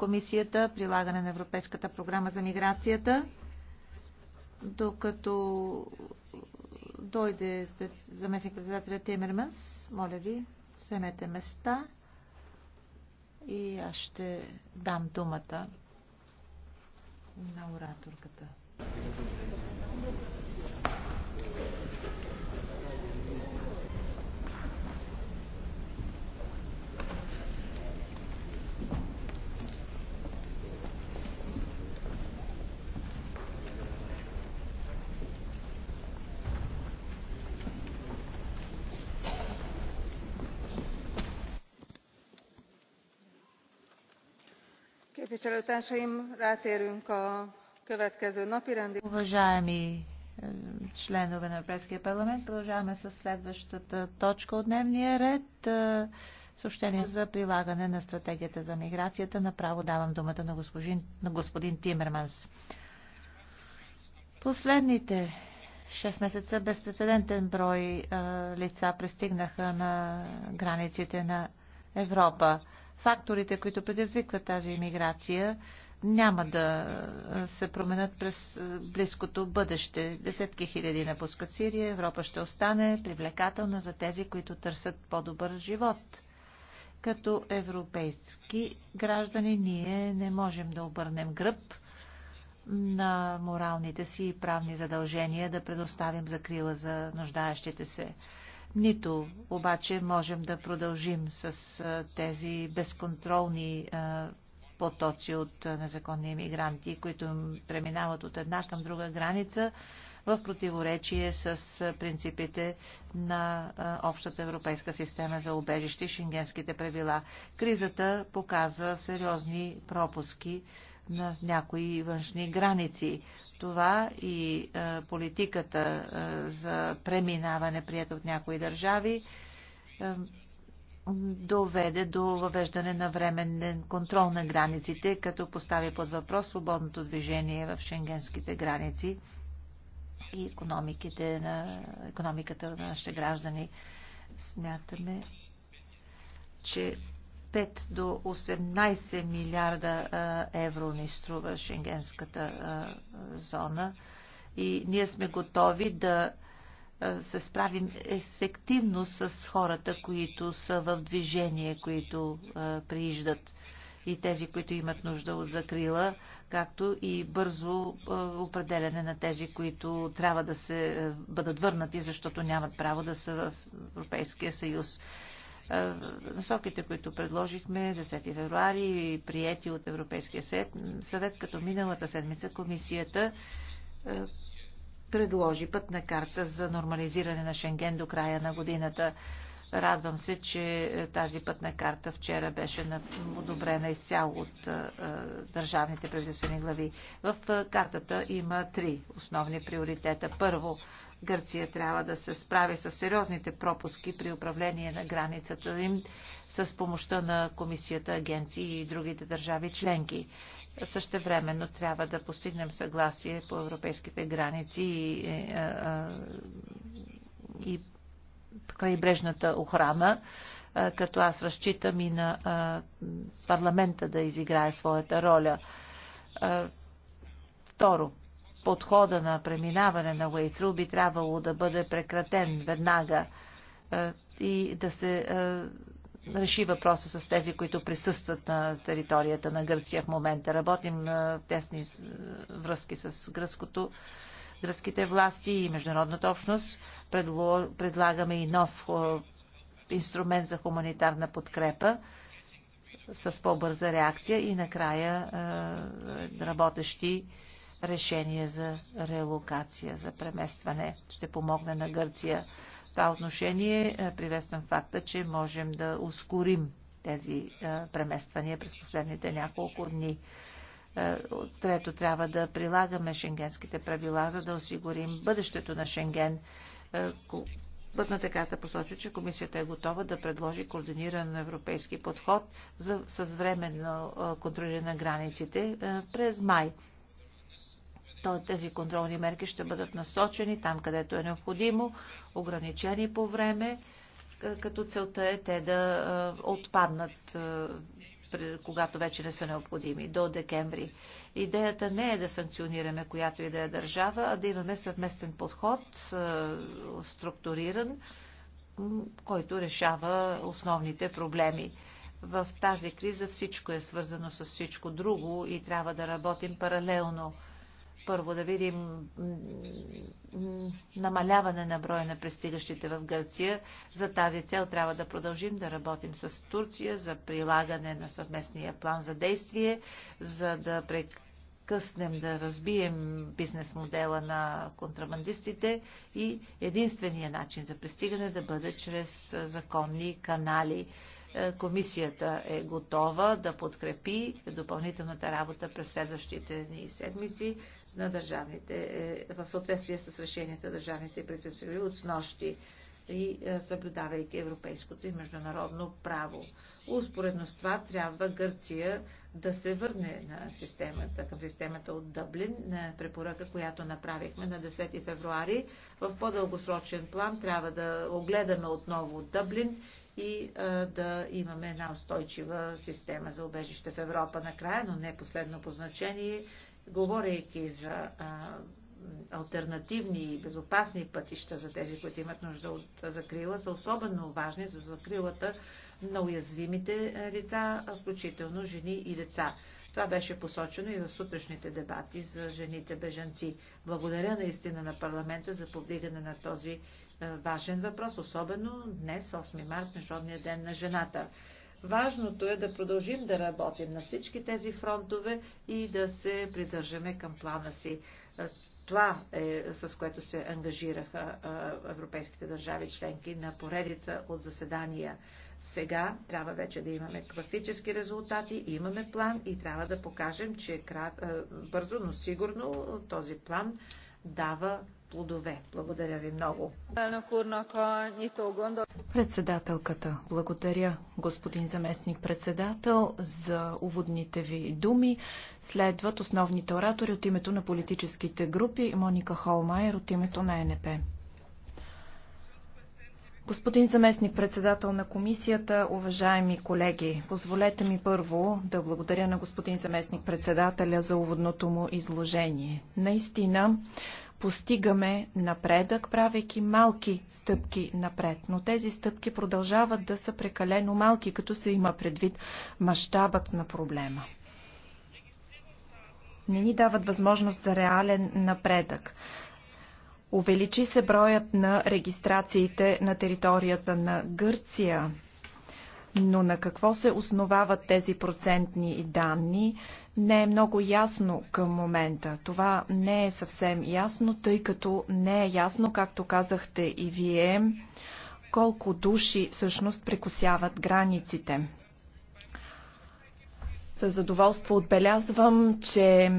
комисията прилагане на Европейската програма за миграцията, докато дойде заместник председателя Тимерманс, моля ви, вземете места и аз ще дам думата на ораторката. Уважаеми е, членове на Европейския парламент, продължаваме с следващата точка от дневния ред. Е, съобщение за прилагане на стратегията за миграцията. Направо давам думата на господин, на господин Тимерманс. Последните 6 месеца безпредседентен брой е, лица пристигнаха на границите на Европа факторите, които предизвикват тази иммиграция, няма да се променят през близкото бъдеще. Десетки хиляди напускат Сирия, Европа ще остане привлекателна за тези, които търсят по-добър живот. Като европейски граждани ние не можем да обърнем гръб на моралните си и правни задължения да предоставим закрила за нуждаещите се. Нито обаче можем да продължим с тези безконтролни потоци от незаконни иммигранти, които преминават от една към друга граница в противоречие с принципите на общата европейска система за убежище и шенгенските правила. Кризата показа сериозни пропуски на някои външни граници. Това и е, политиката е, за преминаване, прията от някои държави, е, доведе до въвеждане на временен контрол на границите, като постави под въпрос свободното движение в шенгенските граници и економиките на, економиката на нашите граждани. Смятаме, че 5 до 18 милиарда евро ни струва шенгенската зона и ние сме готови да се справим ефективно с хората, които са в движение, които прииждат и тези, които имат нужда от закрила, както и бързо определяне на тези, които трябва да се бъдат върнати, защото нямат право да са в Европейския съюз. Е, насоките, които предложихме 10 февруари, приети от Европейския съвет, като миналата седмица комисията е, предложи пътна карта за нормализиране на Шенген до края на годината. Радвам се, че е, тази пътна карта вчера беше одобрена изцяло от държавните правителствени глави. В картата има три основни приоритета. Първо, Гърция трябва да се справи с сериозните пропуски при управление на границата им с помощта на комисията, агенции и другите държави членки. Същевременно трябва да постигнем съгласие по европейските граници и, и, е, е, е, и крайбрежната охрана като аз разчитам и на парламента да изиграе своята роля. Второ, подхода на преминаване на Уейтру би трябвало да бъде прекратен веднага е, и да се е, реши въпроса с тези, които присъстват на територията на Гърция в момента. Работим е, в тесни връзки с гръцкото, гръцките власти и международната общност. Предлагаме и нов инструмент за хуманитарна подкрепа с по-бърза реакция и накрая работещи решение за релокация, за преместване. Ще помогне на Гърция. В това отношение е, приветствам факта, че можем да ускорим тези е, премествания през последните няколко дни. Е, трето, трябва да прилагаме шенгенските правила, за да осигурим бъдещето на Шенген. Пътната карта посочва, че комисията е готова да предложи координиран европейски подход за, с временно контролиране на границите през май тези контролни мерки ще бъдат насочени там, където е необходимо, ограничени по време, като целта е те да отпаднат когато вече не са необходими, до декември. Идеята не е да санкционираме която и да е държава, а да имаме съвместен подход, структуриран, който решава основните проблеми. В тази криза всичко е свързано с всичко друго и трябва да работим паралелно първо да видим намаляване на броя на пристигащите в Гърция. За тази цел трябва да продължим да работим с Турция за прилагане на съвместния план за действие, за да прекъснем, да разбием бизнес модела на контрабандистите и единствения начин за пристигане да бъде чрез законни канали. Е, комисията е готова да подкрепи допълнителната работа през следващите дни седмици на държавните, е, в съответствие с решенията на държавните председатели от снощи и е, съблюдавайки европейското и международно право. Успоредно с това трябва Гърция да се върне на системата, към системата от Дъблин, на препоръка, която направихме на 10 февруари. В по-дългосрочен план трябва да огледаме отново Дъблин и а, е, да имаме една устойчива система за убежище в Европа. Накрая, но не последно по значение, говорейки за а, альтернативни и безопасни пътища за тези, които имат нужда от закрила, са особено важни за закрилата на уязвимите лица, включително жени и деца. Това беше посочено и в сутрешните дебати за жените бежанци. Благодаря наистина на парламента за повдигане на този важен въпрос, особено днес, 8 март, Международния ден на жената. Важното е да продължим да работим на всички тези фронтове и да се придържаме към плана си. Е, това е с което се ангажираха е, европейските държави членки на поредица от заседания. Сега трябва вече да имаме практически резултати, имаме план и трябва да покажем, че крат... Е, бързо, но сигурно този план дава плодове. Благодаря ви много. Председателката, благодаря господин заместник председател за уводните ви думи. Следват основните оратори от името на политическите групи Моника Холмайер от името на НП. Господин заместник председател на комисията, уважаеми колеги, позволете ми първо да благодаря на господин заместник председателя за уводното му изложение. Наистина, постигаме напредък, правейки малки стъпки напред. Но тези стъпки продължават да са прекалено малки, като се има предвид мащабът на проблема. Не ни дават възможност за реален напредък. Увеличи се броят на регистрациите на територията на Гърция но на какво се основават тези процентни данни не е много ясно към момента. Това не е съвсем ясно, тъй като не е ясно, както казахте и вие, колко души всъщност прекусяват границите. Със задоволство отбелязвам, че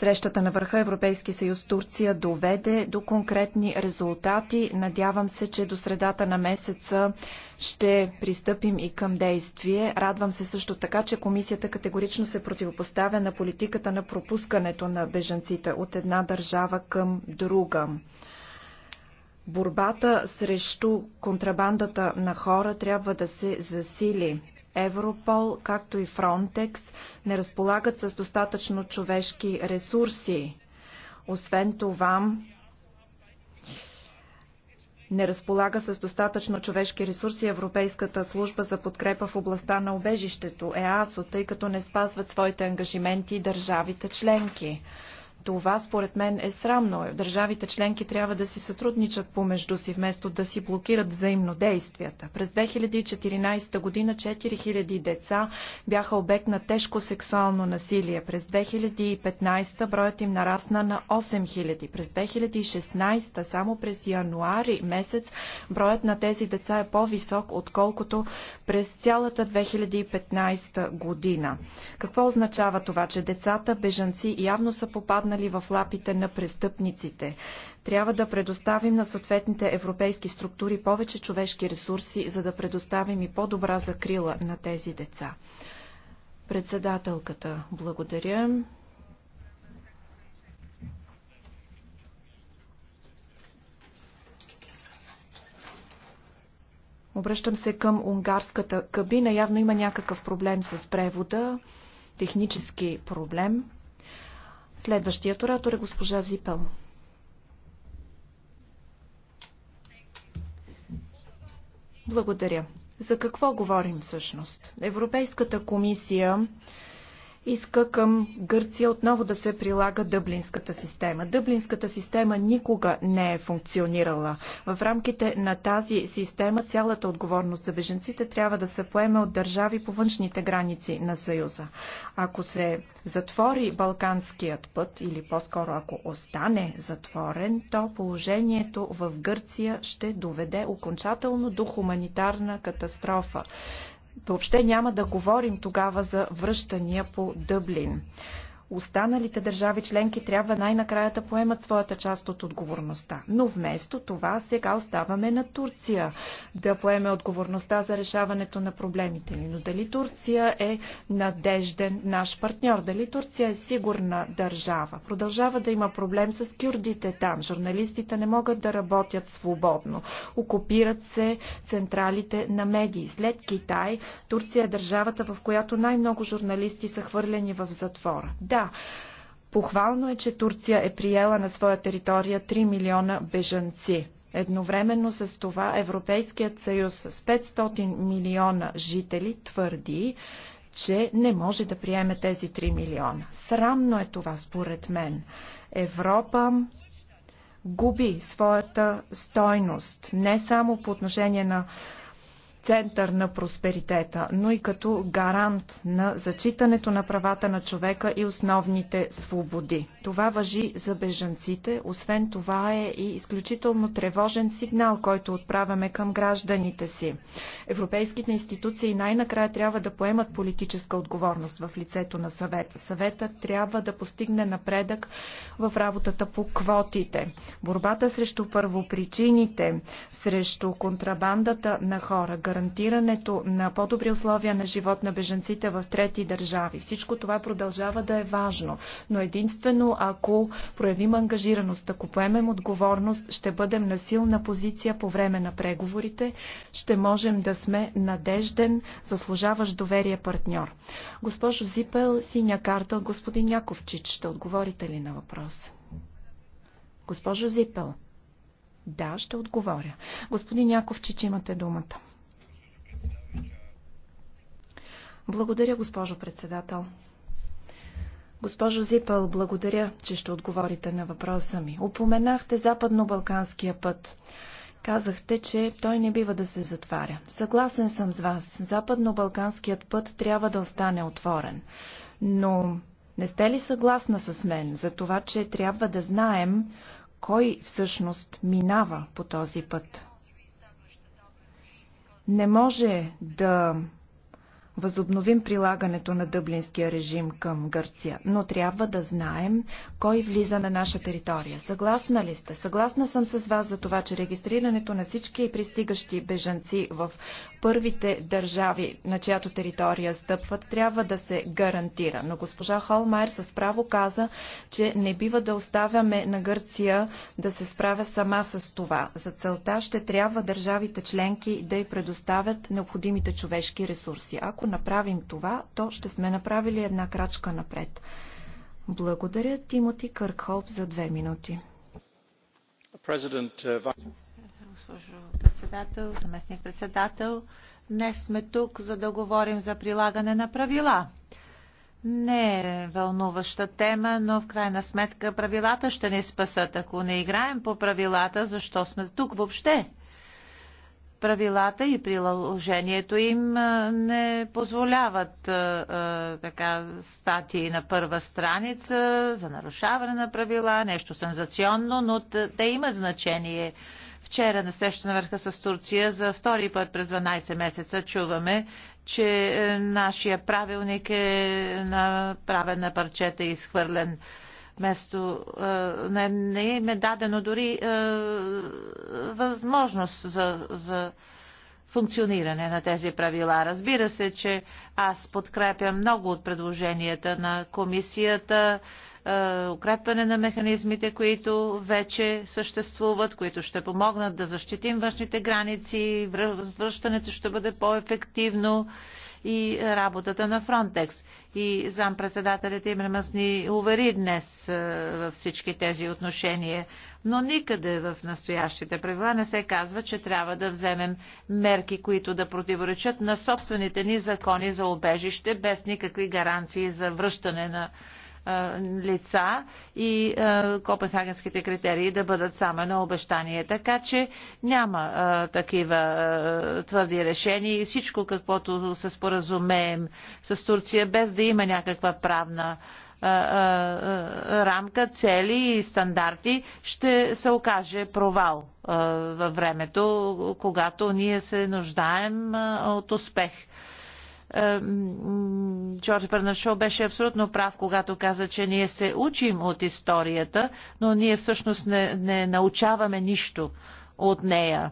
Срещата на върха Европейски съюз Турция доведе до конкретни резултати. Надявам се, че до средата на месеца ще пристъпим и към действие. Радвам се също така, че комисията категорично се противопоставя на политиката на пропускането на бежанците от една държава към друга. Борбата срещу контрабандата на хора трябва да се засили. Европол, както и Фронтекс не разполагат с достатъчно човешки ресурси. Освен това, не разполага с достатъчно човешки ресурси Европейската служба за подкрепа в областта на убежището ЕАСО, тъй като не спазват своите ангажименти и държавите членки. Това според мен е срамно. Държавите членки трябва да си сътрудничат помежду си, вместо да си блокират взаимнодействията. През 2014 година 4000 деца бяха обект на тежко сексуално насилие. През 2015 броят им нарасна на 8000. През 2016, само през януари месец, броят на тези деца е по-висок, отколкото през цялата 2015 година. Какво означава това, че децата бежанци явно са попаднали попаднали в лапите на престъпниците. Трябва да предоставим на съответните европейски структури повече човешки ресурси, за да предоставим и по-добра закрила на тези деца. Председателката, благодаря. Обръщам се към унгарската кабина. Явно има някакъв проблем с превода, технически проблем. Следващият оратор е госпожа Зипел. Благодаря. За какво говорим всъщност? Европейската комисия иска към Гърция отново да се прилага дъблинската система. Дъблинската система никога не е функционирала. В рамките на тази система цялата отговорност за беженците трябва да се поеме от държави по външните граници на Съюза. Ако се затвори Балканският път, или по-скоро ако остане затворен, то положението в Гърция ще доведе окончателно до хуманитарна катастрофа. Въобще няма да говорим тогава за връщания по Дъблин. Останалите държави членки трябва най-накрая да поемат своята част от отговорността. Но вместо това сега оставаме на Турция да поеме отговорността за решаването на проблемите ни. Но дали Турция е надежден наш партньор? Дали Турция е сигурна държава? Продължава да има проблем с кюрдите там. Журналистите не могат да работят свободно. Окупират се централите на медии. След Китай, Турция е държавата, в която най-много журналисти са хвърлени в затвора. Да, сега. Похвално е, че Турция е приела на своя територия 3 милиона бежанци. Едновременно с това Европейският съюз с 500 милиона жители твърди, че не може да приеме тези 3 милиона. Срамно е това, според мен. Европа губи своята стойност не само по отношение на център на просперитета, но и като гарант на зачитането на правата на човека и основните свободи. Това въжи за бежанците, освен това е и изключително тревожен сигнал, който отправяме към гражданите си. Европейските институции най-накрая трябва да поемат политическа отговорност в лицето на съвета. Съветът трябва да постигне напредък в работата по квотите. Борбата срещу първопричините, срещу контрабандата на хора, гарантирането на по-добри условия на живот на беженците в трети държави. Всичко това продължава да е важно, но единствено ако проявим ангажираност, ако поемем отговорност, ще бъдем на силна позиция по време на преговорите, ще можем да сме надежден, заслужаващ доверие партньор. Госпожо Зипел, синя карта от господин Яковчич, ще отговорите ли на въпрос? Госпожо Зипел. Да, ще отговоря. Господин Яковчич, имате думата. Благодаря, госпожо председател. Госпожо Зипъл, благодаря, че ще отговорите на въпроса ми. Упоменахте Западно-Балканския път. Казахте, че той не бива да се затваря. Съгласен съм с вас. Западно-Балканският път трябва да остане отворен. Но не сте ли съгласна с мен за това, че трябва да знаем кой всъщност минава по този път? Не може да възобновим прилагането на дъблинския режим към Гърция, но трябва да знаем кой влиза на наша територия. Съгласна ли сте? Съгласна съм с вас за това, че регистрирането на всички пристигащи бежанци в първите държави, на чиято територия стъпват, трябва да се гарантира. Но госпожа Холмайер с право каза, че не бива да оставяме на Гърция да се справя сама с това. За целта ще трябва държавите членки да й предоставят необходимите човешки ресурси. Ако направим това, то ще сме направили една крачка напред. Благодаря Тимоти Къркхоп за две минути. Е, Госпожо председател, заместник председател, днес сме тук, за да говорим за прилагане на правила. Не е вълнуваща тема, но в крайна сметка правилата ще ни спасат. Ако не играем по правилата, защо сме тук въобще? правилата и приложението им не позволяват така статии на първа страница за нарушаване на правила, нещо сензационно, но те имат значение. Вчера на среща на върха с Турция за втори път през 12 месеца чуваме, че е, нашия правилник е направен на парчета и изхвърлен. Вместо не, не им е дадено дори е, възможност за, за функциониране на тези правила. Разбира се, че аз подкрепям много от предложенията на комисията. Е, е, укрепване на механизмите, които вече съществуват, които ще помогнат да защитим външните граници, връщането ще бъде по-ефективно и работата на Фронтекс. И зампредседателят Имремас ни увери днес е, във всички тези отношения. Но никъде в настоящите правила не се казва, че трябва да вземем мерки, които да противоречат на собствените ни закони за обежище, без никакви гаранции за връщане на лица и копенхагенските критерии да бъдат само на обещание. Така че няма такива твърди решения и всичко каквото се споразумеем с Турция, без да има някаква правна рамка, цели и стандарти ще се окаже провал във времето, когато ние се нуждаем от успех. Джордж Бернашо беше абсолютно прав, когато каза, че ние се учим от историята, но ние всъщност не, не научаваме нищо от нея.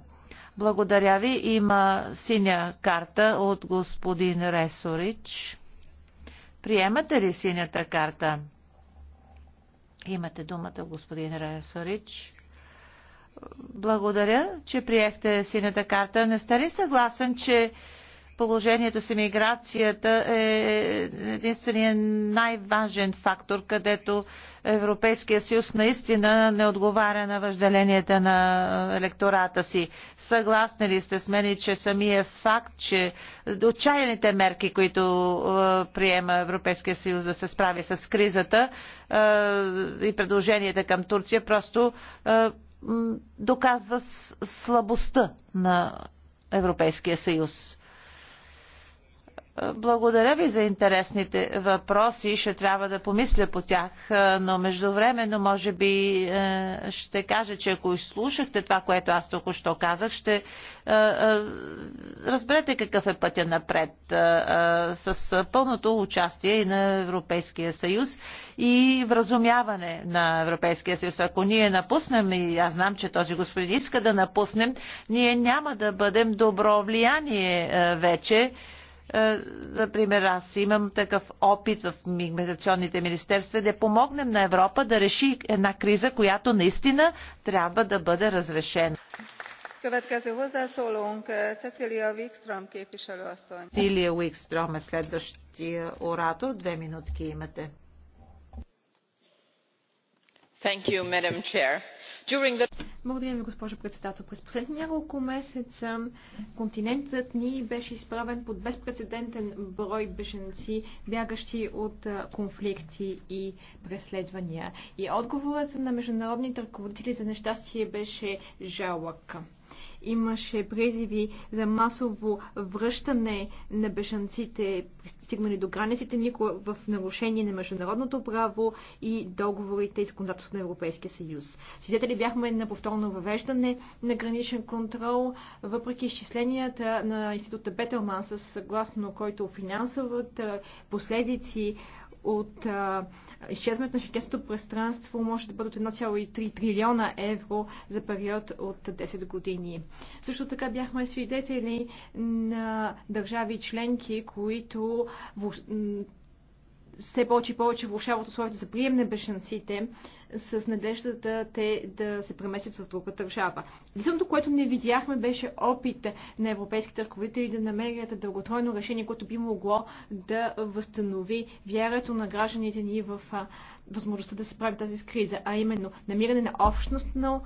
Благодаря ви. Има синя карта от господин Ресорич. Приемате ли синята карта? Имате думата, господин Ресорич. Благодаря, че приехте синята карта. Не сте ли съгласен, че положението с емиграцията е единствения най-важен фактор, където Европейския съюз наистина не отговаря на въжделенията на електората си. Съгласни ли сте с мен, че самия факт, че отчаяните мерки, които е, приема Европейския съюз да се справи с кризата е, и предложенията към Турция, просто е, доказва слабостта на Европейския съюз. Благодаря ви за интересните въпроси. Ще трябва да помисля по тях, но междувременно може би е, ще кажа, че ако изслушахте това, което аз току-що казах, ще е, е, разберете какъв е пътя напред с пълното участие и на Европейския съюз и вразумяване на Европейския съюз. Ако ние напуснем, и аз знам, че този господин иска да напуснем, ние няма да бъдем добро влияние вече за е, пример, аз имам такъв опит в миграционните министерства да помогнем на Европа да реши една криза, която наистина трябва да бъде разрешена. Цилия Уикстром е, е следващия оратор. Две минутки имате. Thank you, Madam Chair. Благодаря ви, госпожо председател. През последните няколко месеца континентът ни беше изправен под безпредседентен брой беженци, бягащи от конфликти и преследвания. И отговорът на международните ръководители за нещастие беше жалък имаше призиви за масово връщане на бежанците, стигнали до границите ни в нарушение на международното право и договорите и законодателството на Европейския съюз. Свидетели бяхме на повторно въвеждане на граничен контрол, въпреки изчисленията на института Бетелман, съгласно който финансовата последици от изчезването на шенгенското пространство може да от 1,3 трилиона евро за период от 10 години. Също така бяхме свидетели на държави членки, които все повече и повече влушават условията за прием на бешенците с надеждата те да се преместят в друга държава. Единственото, което не видяхме, беше опит на европейските ръководители да намерят дълготройно решение, което би могло да възстанови вярата на гражданите ни в възможността да се прави тази криза, а именно намиране на общностно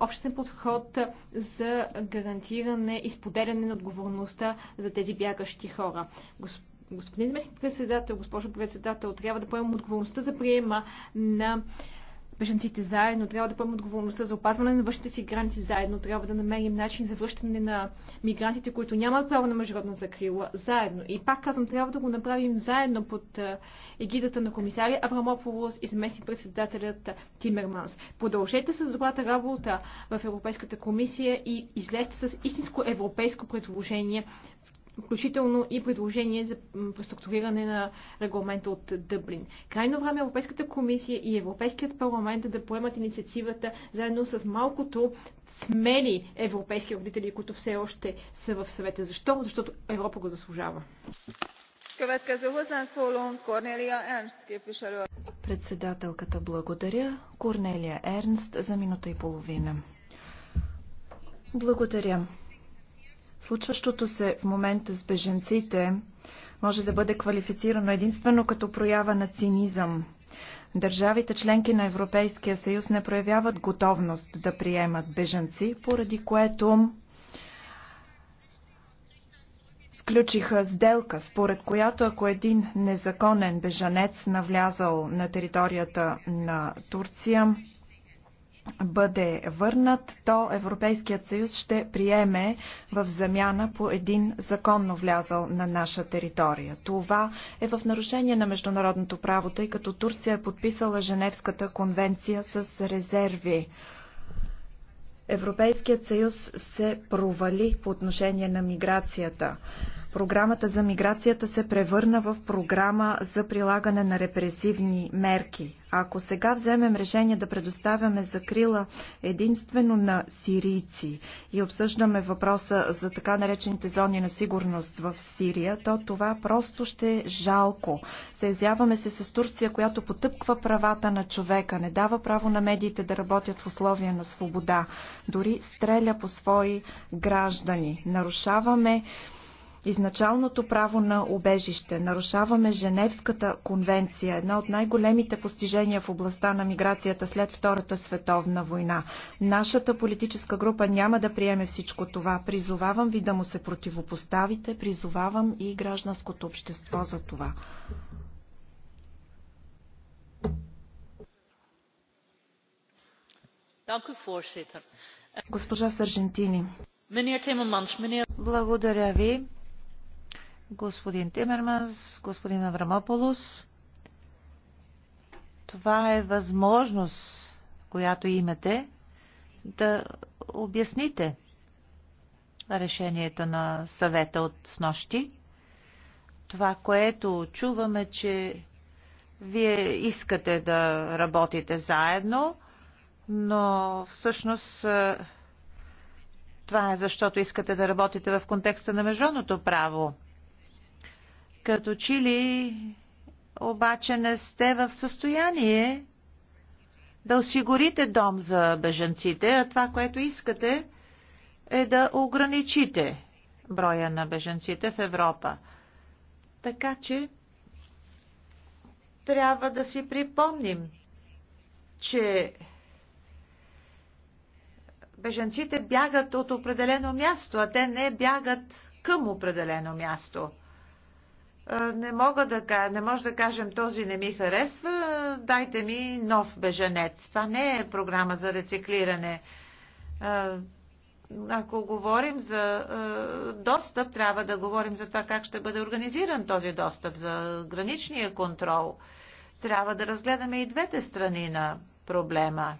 обществен подход за гарантиране и споделяне на отговорността за тези бягащи хора. Господин господин заместник председател, госпожо председател, трябва да поемем отговорността за приема на беженците заедно, трябва да поемем отговорността за опазване на външните си граници заедно, трябва да намерим начин за връщане на мигрантите, които нямат право на международна закрила, заедно. И пак казвам, трябва да го направим заедно под егидата на комисаря Аврамополос и заместник председателят Тимерманс. Продължете с добрата работа в Европейската комисия и излезте с истинско европейско предложение, включително и предложение за преструктуриране на регламента от Дъблин. Крайно време е Европейската комисия и Европейският парламент да поемат инициативата заедно с малкото смели европейски родители, които все още са в съвета. Защо? Защото Европа го заслужава. Председателката благодаря. Корнелия Ернст за минута и половина. Благодаря. Случващото се в момента с беженците може да бъде квалифицирано единствено като проява на цинизъм. Държавите членки на Европейския съюз не проявяват готовност да приемат беженци, поради което сключиха сделка, според която ако един незаконен бежанец навлязал на територията на Турция, бъде върнат, то Европейският съюз ще приеме в замяна по един законно влязал на наша територия. Това е в нарушение на международното право, тъй като Турция е подписала Женевската конвенция с резерви. Европейският съюз се провали по отношение на миграцията. Програмата за миграцията се превърна в програма за прилагане на репресивни мерки. Ако сега вземем решение да предоставяме закрила единствено на сирийци и обсъждаме въпроса за така наречените зони на сигурност в Сирия, то това просто ще е жалко. Съюзяваме се с Турция, която потъпква правата на човека, не дава право на медиите да работят в условия на свобода, дори стреля по свои граждани. Нарушаваме изначалното право на убежище, нарушаваме Женевската конвенция, една от най-големите постижения в областта на миграцията след Втората световна война. Нашата политическа група няма да приеме всичко това. Призовавам ви да му се противопоставите, призовавам и гражданското общество за това. Госпожа Саржентини. Благодаря ви господин Тимерманс, господин Аврамополус. Това е възможност, която имате да обясните решението на съвета от снощи. Това, което чуваме, че вие искате да работите заедно, но всъщност е, това е защото искате да работите в контекста на международното право. Като че ли обаче не сте в състояние да осигурите дом за бежанците, а това, което искате, е да ограничите броя на бежанците в Европа. Така че трябва да си припомним, че бежанците бягат от определено място, а те не бягат към определено място – не мога да, не може да кажем този не ми харесва, дайте ми нов беженец. Това не е програма за рециклиране. Ако говорим за достъп, трябва да говорим за това как ще бъде организиран този достъп, за граничния контрол. Трябва да разгледаме и двете страни на проблема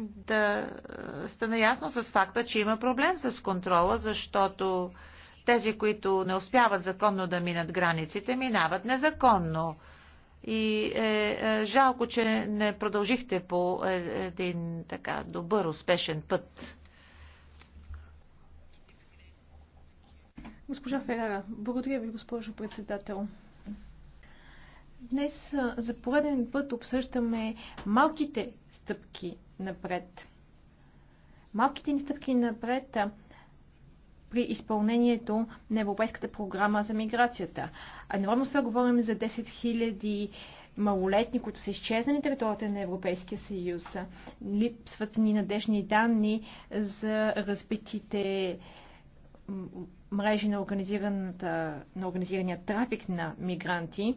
да стане ясно с факта, че има проблем с контрола, защото тези, които не успяват законно да минат границите, минават незаконно. И е, е, жалко, че не продължихте по е, един така добър, успешен път. Госпожа Ферара, благодаря ви, госпожо председател. Днес е, за пореден път обсъждаме малките стъпки напред. Малките ни стъпки напред е, при изпълнението на Европейската програма за миграцията. Едновременно сега говорим за 10 000 малолетни, които са изчезнали на територията на Европейския съюз. Липсват ни надежни данни за разбитите мрежи на, на организирания трафик на мигранти.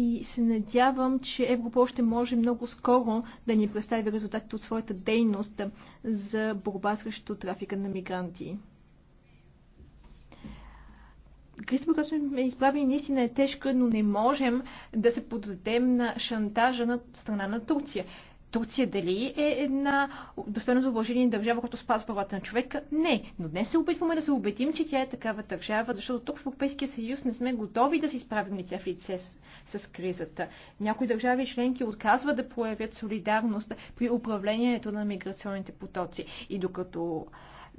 и се надявам, че Европол ще може много скоро да ни представи резултатите от своята дейност за борба срещу трафика на мигранти. Кризата, която сме изправени, наистина е тежка, но не можем да се поддадем на шантажа на страна на Турция. Турция дали е една достойно за уважение държава, която спазва правата на човека? Не. Но днес се опитваме да се убедим, че тя е такава държава, защото тук в Европейския съюз не сме готови да се изправим лице в лице с, с кризата. Някои държави членки отказват да проявят солидарност при управлението на миграционните потоци. И докато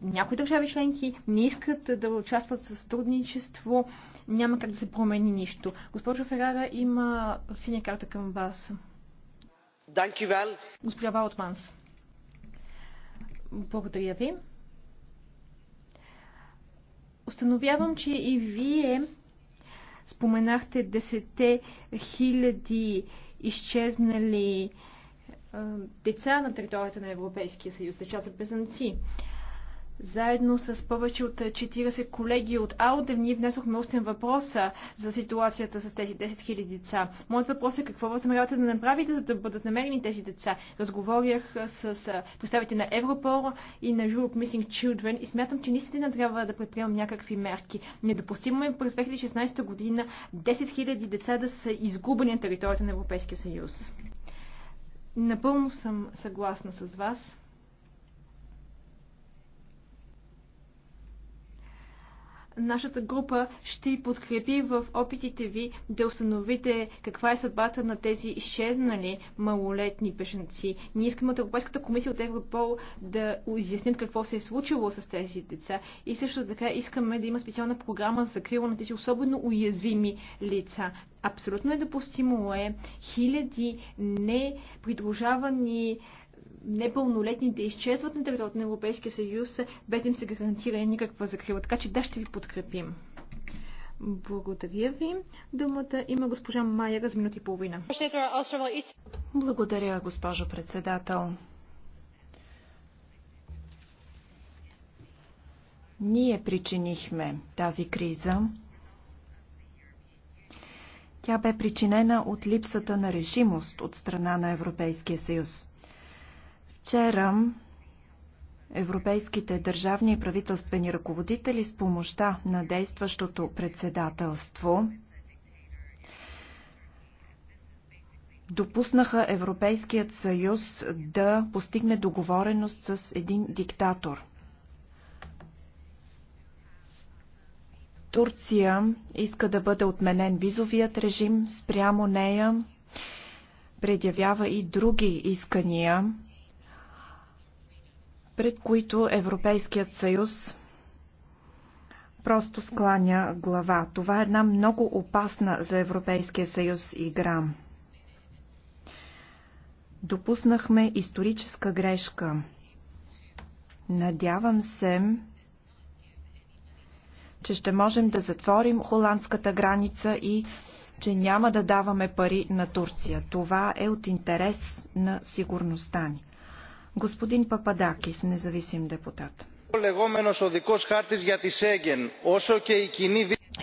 някои държави членки не искат да участват в сътрудничество, няма как да се промени нищо. Госпожо Ферара, има синя карта към вас. Госпожа Валтманс. Благодаря ви. Установявам, че и вие споменахте 10 хиляди изчезнали деца на територията на Европейския съюз, децата безанци. Заедно с повече от 40 колеги от АОДЕ ние внесохме устен въпрос за ситуацията с тези 10 000 деца. Моят въпрос е какво възнамерявате да направите, за да бъдат намерени тези деца. Разговорях с представите на Европол и на Europe Missing Children и смятам, че наистина трябва да предприемам някакви мерки. Недопустимо е през 2016 година 10 000 деца да са изгубени на територията на Европейския съюз. Напълно съм съгласна с вас. нашата група ще подкрепи в опитите ви да установите каква е съдбата на тези изчезнали малолетни пешенци. Ние искаме от Европейската комисия от Европол да изяснят какво се е случило с тези деца и също така искаме да има специална програма за закрила на тези особено уязвими лица. Абсолютно е допустимо е хиляди непридружавани непълнолетните изчезват на територията на Европейския съюз, без да им се гарантира никаква закрива Така че да, ще ви подкрепим. Благодаря ви. Думата има госпожа Майера за минути и половина. Благодаря, госпожо председател. Ние причинихме тази криза. Тя бе причинена от липсата на решимост от страна на Европейския съюз. Вчера европейските държавни и правителствени ръководители с помощта на действащото председателство допуснаха Европейският съюз да постигне договореност с един диктатор. Турция иска да бъде отменен визовият режим спрямо нея, предявява и други искания пред които Европейският съюз просто скланя глава. Това е една много опасна за Европейския съюз игра. Допуснахме историческа грешка. Надявам се, че ще можем да затворим холандската граница и че няма да даваме пари на Турция. Това е от интерес на сигурността ни. Господин Пападакис, независим депутат.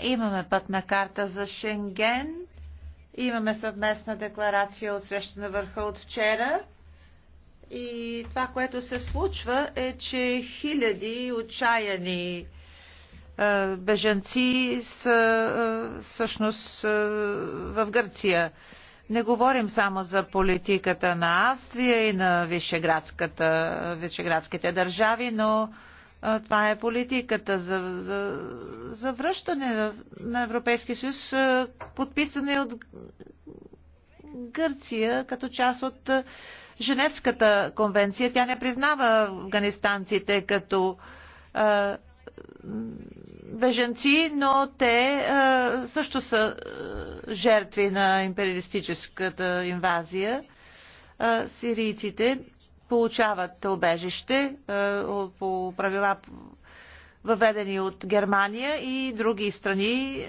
Имаме пътна карта за Шенген. Имаме съвместна декларация от среща на върха от вчера. И това, което се случва е, че хиляди отчаяни е, бежанци са е, всъщност е, в Гърция. Не говорим само за политиката на Австрия и на вишеградските държави, но това е политиката за, за, за връщане на Европейския съюз, подписане от Гърция като част от Женевската конвенция. Тя не признава афганистанците като беженци, но те е, също са е, жертви на империалистическата инвазия. Е, сирийците получават обежище по правила въведени от Германия и други страни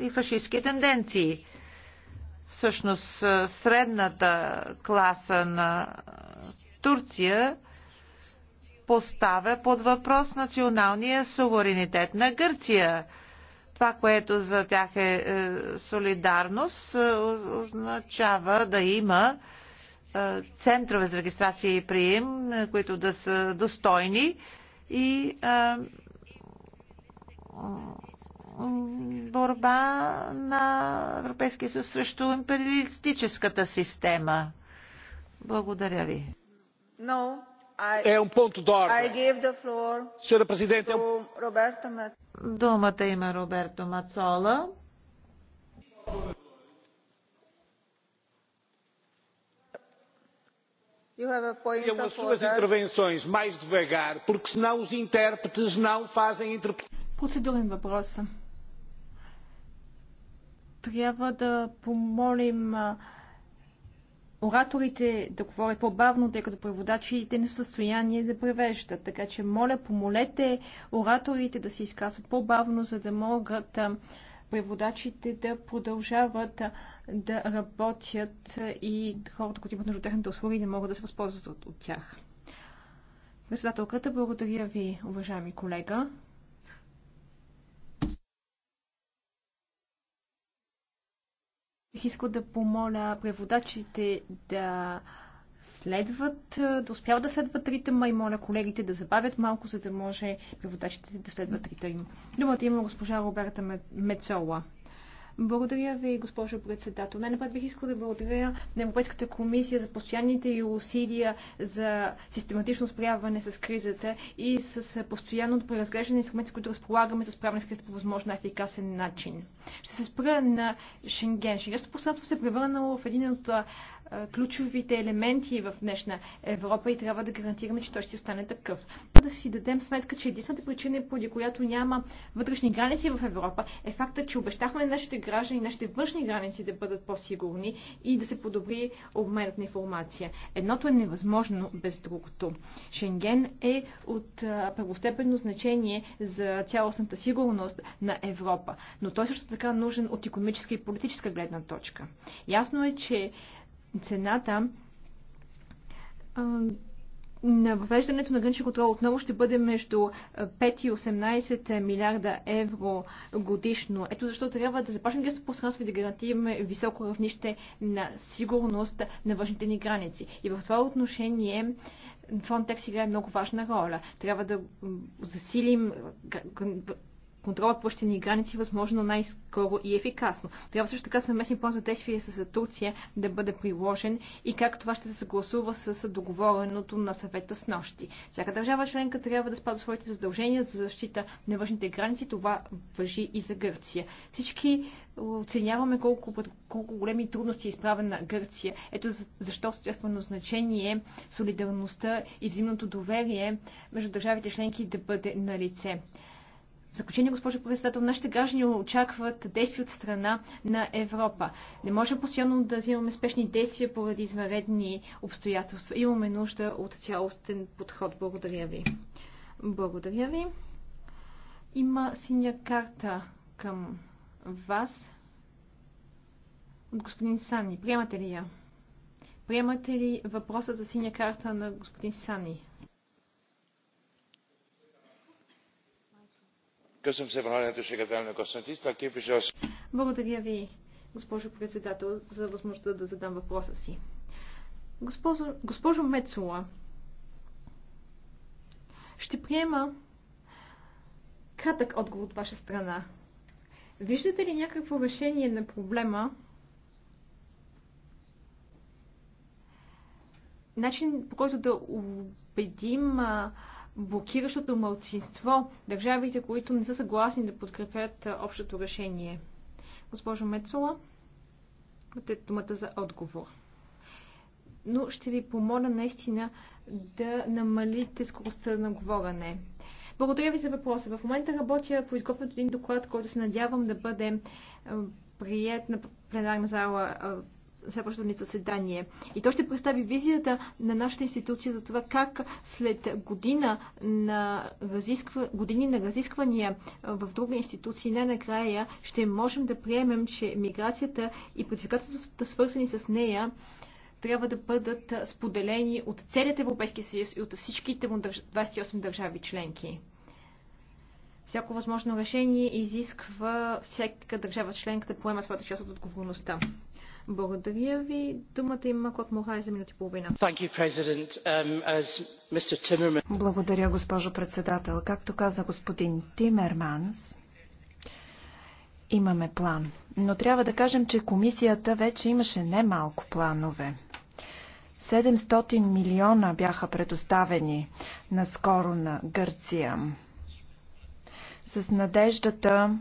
и фашистски тенденции. Всъщност средната класа на Турция поставя под въпрос националния суверенитет на Гърция. Това, което за тях е, е солидарност, е, означава да има е, центрове за регистрация и прием, които да са достойни и борба на Европейския съюз срещу империалистическата система. Благодаря ви. No е un ponto d'ordine. Signora Presidente, думата има Роберто Мацола. Tenham as suas intervenções mais devagar, porque senão os intérpretes não fazem interpretação. Трябва да помолим а, ораторите да говорят по-бавно, тъй като преводачите не са в състояние да превеждат. Така че, моля, помолете ораторите да се изказват по-бавно, за да могат преводачите да продължават да работят и хората, които имат нужда от техните услуги, да могат да се възползват от тях. Председателката, благодаря ви, уважаеми колега. Бих искал да помоля преводачите да следват, е, да успяват да следват ритъма и моля колегите да забавят малко, за да може преводачите да следват ритъм. Думата има госпожа Роберта Мецола. Благодаря ви, госпожо председател. Най-напред бих искала да благодаря на Европейската комисия за постоянните и усилия за систематично справяне с кризата и с постоянното преразглеждане на инструментите, които разполагаме за справяне с кризата по възможно ефикасен начин. Ще се спра на Шенген. Шенгенското пространство се е превърнало в един от ключовите елементи в днешна Европа и трябва да гарантираме, че той ще остане такъв. Трябва да си дадем сметка, че единствената причина, поради която няма вътрешни граници в Европа, е факта, че обещахме нашите граждани, нашите външни граници да бъдат по-сигурни и да се подобри обменът на информация. Едното е невъзможно без другото. Шенген е от първостепенно значение за цялостната сигурност на Европа, но той също така е нужен от економическа и политическа гледна точка. Ясно е, че цената, на въвеждането на граничен контрол отново ще бъде между 5 и 18 милиарда евро годишно. Ето защо трябва да започнем гъсто пространство и да гарантираме високо равнище на сигурност на външните ни граници. И в това отношение Фронтекс играе много важна роля. Трябва да засилим контролът по ни граници е възможно най-скоро и ефикасно. Трябва също така съвместни план за действие с Турция да бъде приложен и как това ще се съгласува с договореното на съвета с нощи. Всяка държава членка трябва да спазва своите задължения за защита на външните граници. Това въжи и за Гърция. Всички оценяваме колко, колко големи трудности е изправена Гърция. Ето защо съществено значение е солидарността и взаимното доверие между държавите членки да бъде на лице. В заключение, госпожо председател, нашите граждани очакват действия от страна на Европа. Не можем постоянно да взимаме спешни действия поради извънредни обстоятелства. Имаме нужда от цялостен подход. Благодаря ви. Благодаря ви. Има синя карта към вас от господин Сани. Приемате ли я? Приемате ли въпроса за синя карта на господин Сани? Благодаря ви, госпожо председател, за възможността да задам въпроса си. Госпожо, госпожо Мецула, ще приема кратък отговор от ваша страна. Виждате ли някакво решение на проблема? Начин по който да убедим а, блокиращото мълцинство, държавите, които не са съгласни да подкрепят общото решение. Госпожо Мецола, имате думата за отговор. Но ще ви помоля наистина да намалите скоростта на говорене. Благодаря ви за въпроса. В момента работя по изготвянето един доклад, който се надявам да бъде прият на пленарна зала следващото ни заседание. И то ще представи визията на нашата институция за това как след година на разисква, години на разисквания в други институции не накрая, ще можем да приемем, че миграцията и предизвикателствата, свързани с нея, трябва да бъдат споделени от целият Европейски съюз и от всичките му 28 държави членки. Всяко възможно решение изисква всяка държава членка да поема своята част от отговорността. Благодаря ви. Думата има Клод мухай за минути половина. Um, Благодаря, госпожо председател. Както каза господин Тимерманс, имаме план. Но трябва да кажем, че комисията вече имаше немалко планове. 700 милиона бяха предоставени наскоро на Гърция. С надеждата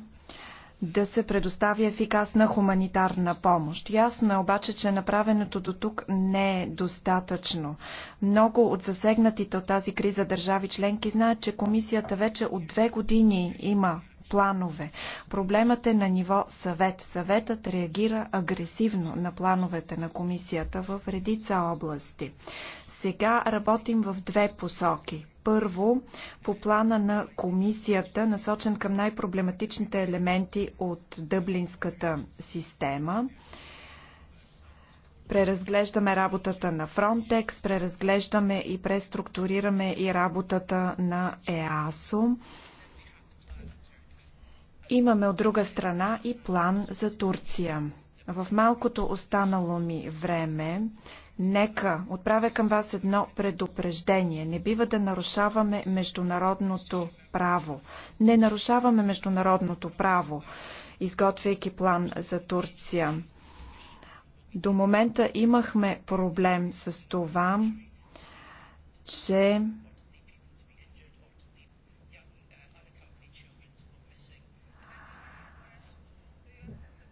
да се предостави ефикасна хуманитарна помощ. Ясно е обаче, че направеното до тук не е достатъчно. Много от засегнатите от тази криза държави членки знаят, че комисията вече от две години има планове. Проблемът е на ниво съвет. Съветът реагира агресивно на плановете на комисията в редица области. Сега работим в две посоки. Първо, по плана на комисията, насочен към най-проблематичните елементи от дъблинската система преразглеждаме работата на Frontex, преразглеждаме и преструктурираме и работата на ЕАСО. Имаме от друга страна и план за Турция. В малкото останало ми време, нека отправя към вас едно предупреждение. Не бива да нарушаваме международното право. Не нарушаваме международното право, изготвяйки план за Турция. До момента имахме проблем с това, че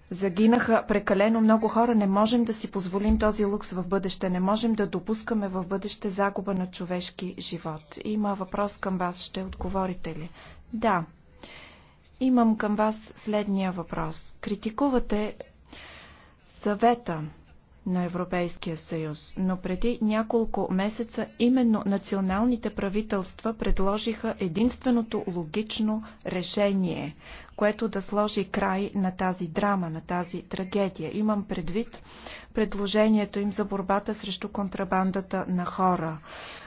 Загинаха прекалено много хора. Не можем да си позволим този лукс в бъдеще. Не можем да допускаме в бъдеще загуба на човешки живот. Има въпрос към вас. Ще отговорите ли? Да. Имам към вас следния въпрос. Критикувате съвета на Европейския съюз. Но преди няколко месеца именно националните правителства предложиха единственото логично решение, което да сложи край на тази драма, на тази трагедия. Имам предвид предложението им за борбата срещу контрабандата на хора.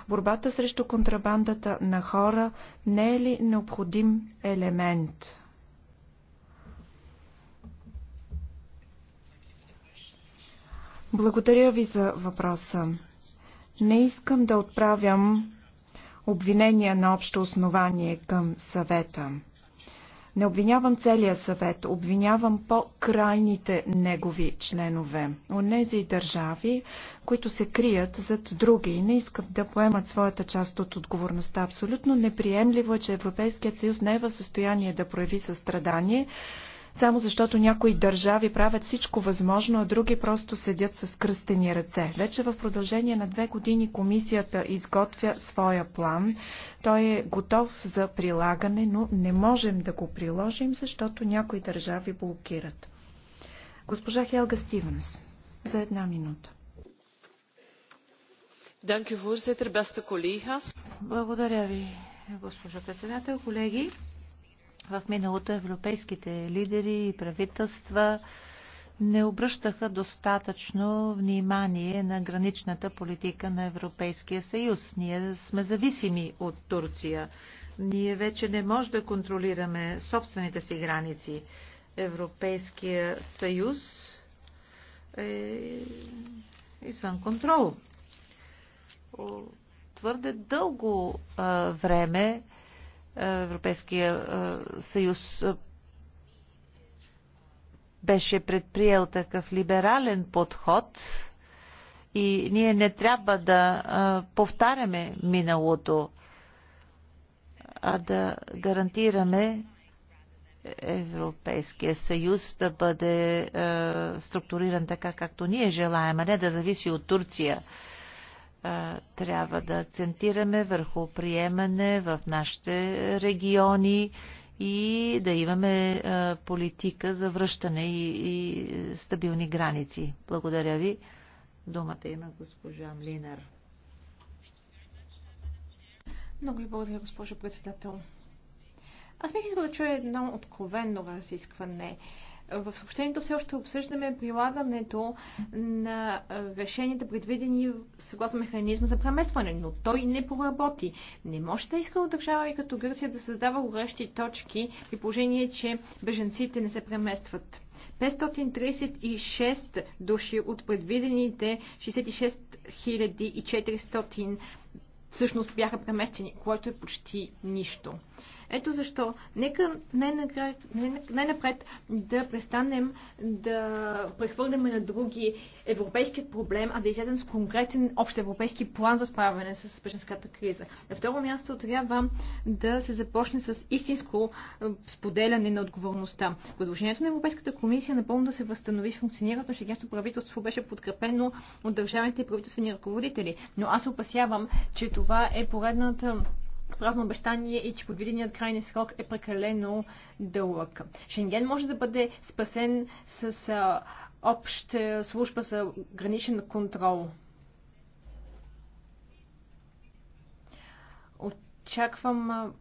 Борбата срещу контрабандата на хора не е ли необходим елемент Благодаря ви за въпроса. Не искам да отправям обвинения на общо основание към съвета. Не обвинявам целия съвет, обвинявам по-крайните негови членове. Онези държави, които се крият зад други и не искат да поемат своята част от отговорността. Абсолютно неприемливо е, че Европейският съюз не е в състояние да прояви състрадание само защото някои държави правят всичко възможно, а други просто седят с кръстени ръце. Вече в продължение на две години комисията изготвя своя план. Той е готов за прилагане, но не можем да го приложим, защото някои държави блокират. Госпожа Хелга Стивенс, за една минута. Благодаря ви, госпожо председател, колеги. В миналото европейските лидери и правителства не обръщаха достатъчно внимание на граничната политика на Европейския съюз. Ние сме зависими от Турция. Ние вече не можем да контролираме собствените си граници. Европейския съюз е извън контрол. Твърде дълго време е, Европейския е, съюз е, беше предприел такъв либерален подход и ние не трябва да повтаряме миналото, а да гарантираме Европейския съюз да бъде структуриран така, както ние желаем, а не да зависи от Турция трябва да акцентираме върху приемане в нашите региони и да имаме политика за връщане и, и стабилни граници. Благодаря ви. Думата има госпожа Млинар. Много ви благодаря, госпожо председател. Аз бих искала да чуя едно откровенно разискване. В съобщението все още обсъждаме прилагането на решенията, предвидени съгласно механизма за преместване, но той не проработи. Не може да иска от и като Гърция да създава горещи точки при положение, че беженците не се преместват. 536 души от предвидените 66 400 всъщност бяха преместени, което е почти нищо. Ето защо, нека най-напред най да престанем да прехвърляме на други европейският проблем, а да излезем с конкретен общ европейски план за справяне с беженската криза. На второ място трябва да се започне с истинско е, споделяне на отговорността. Предложението на Европейската комисия напълно да се възстанови функционирането на шегенското правителство беше подкрепено от държавните и правителствени ръководители. Но аз се опасявам, че това е поредната празно обещание и че подвиденият крайния срок е прекалено дълъг. Шенген може да бъде спасен с а, обща служба за граничен контрол. Очаквам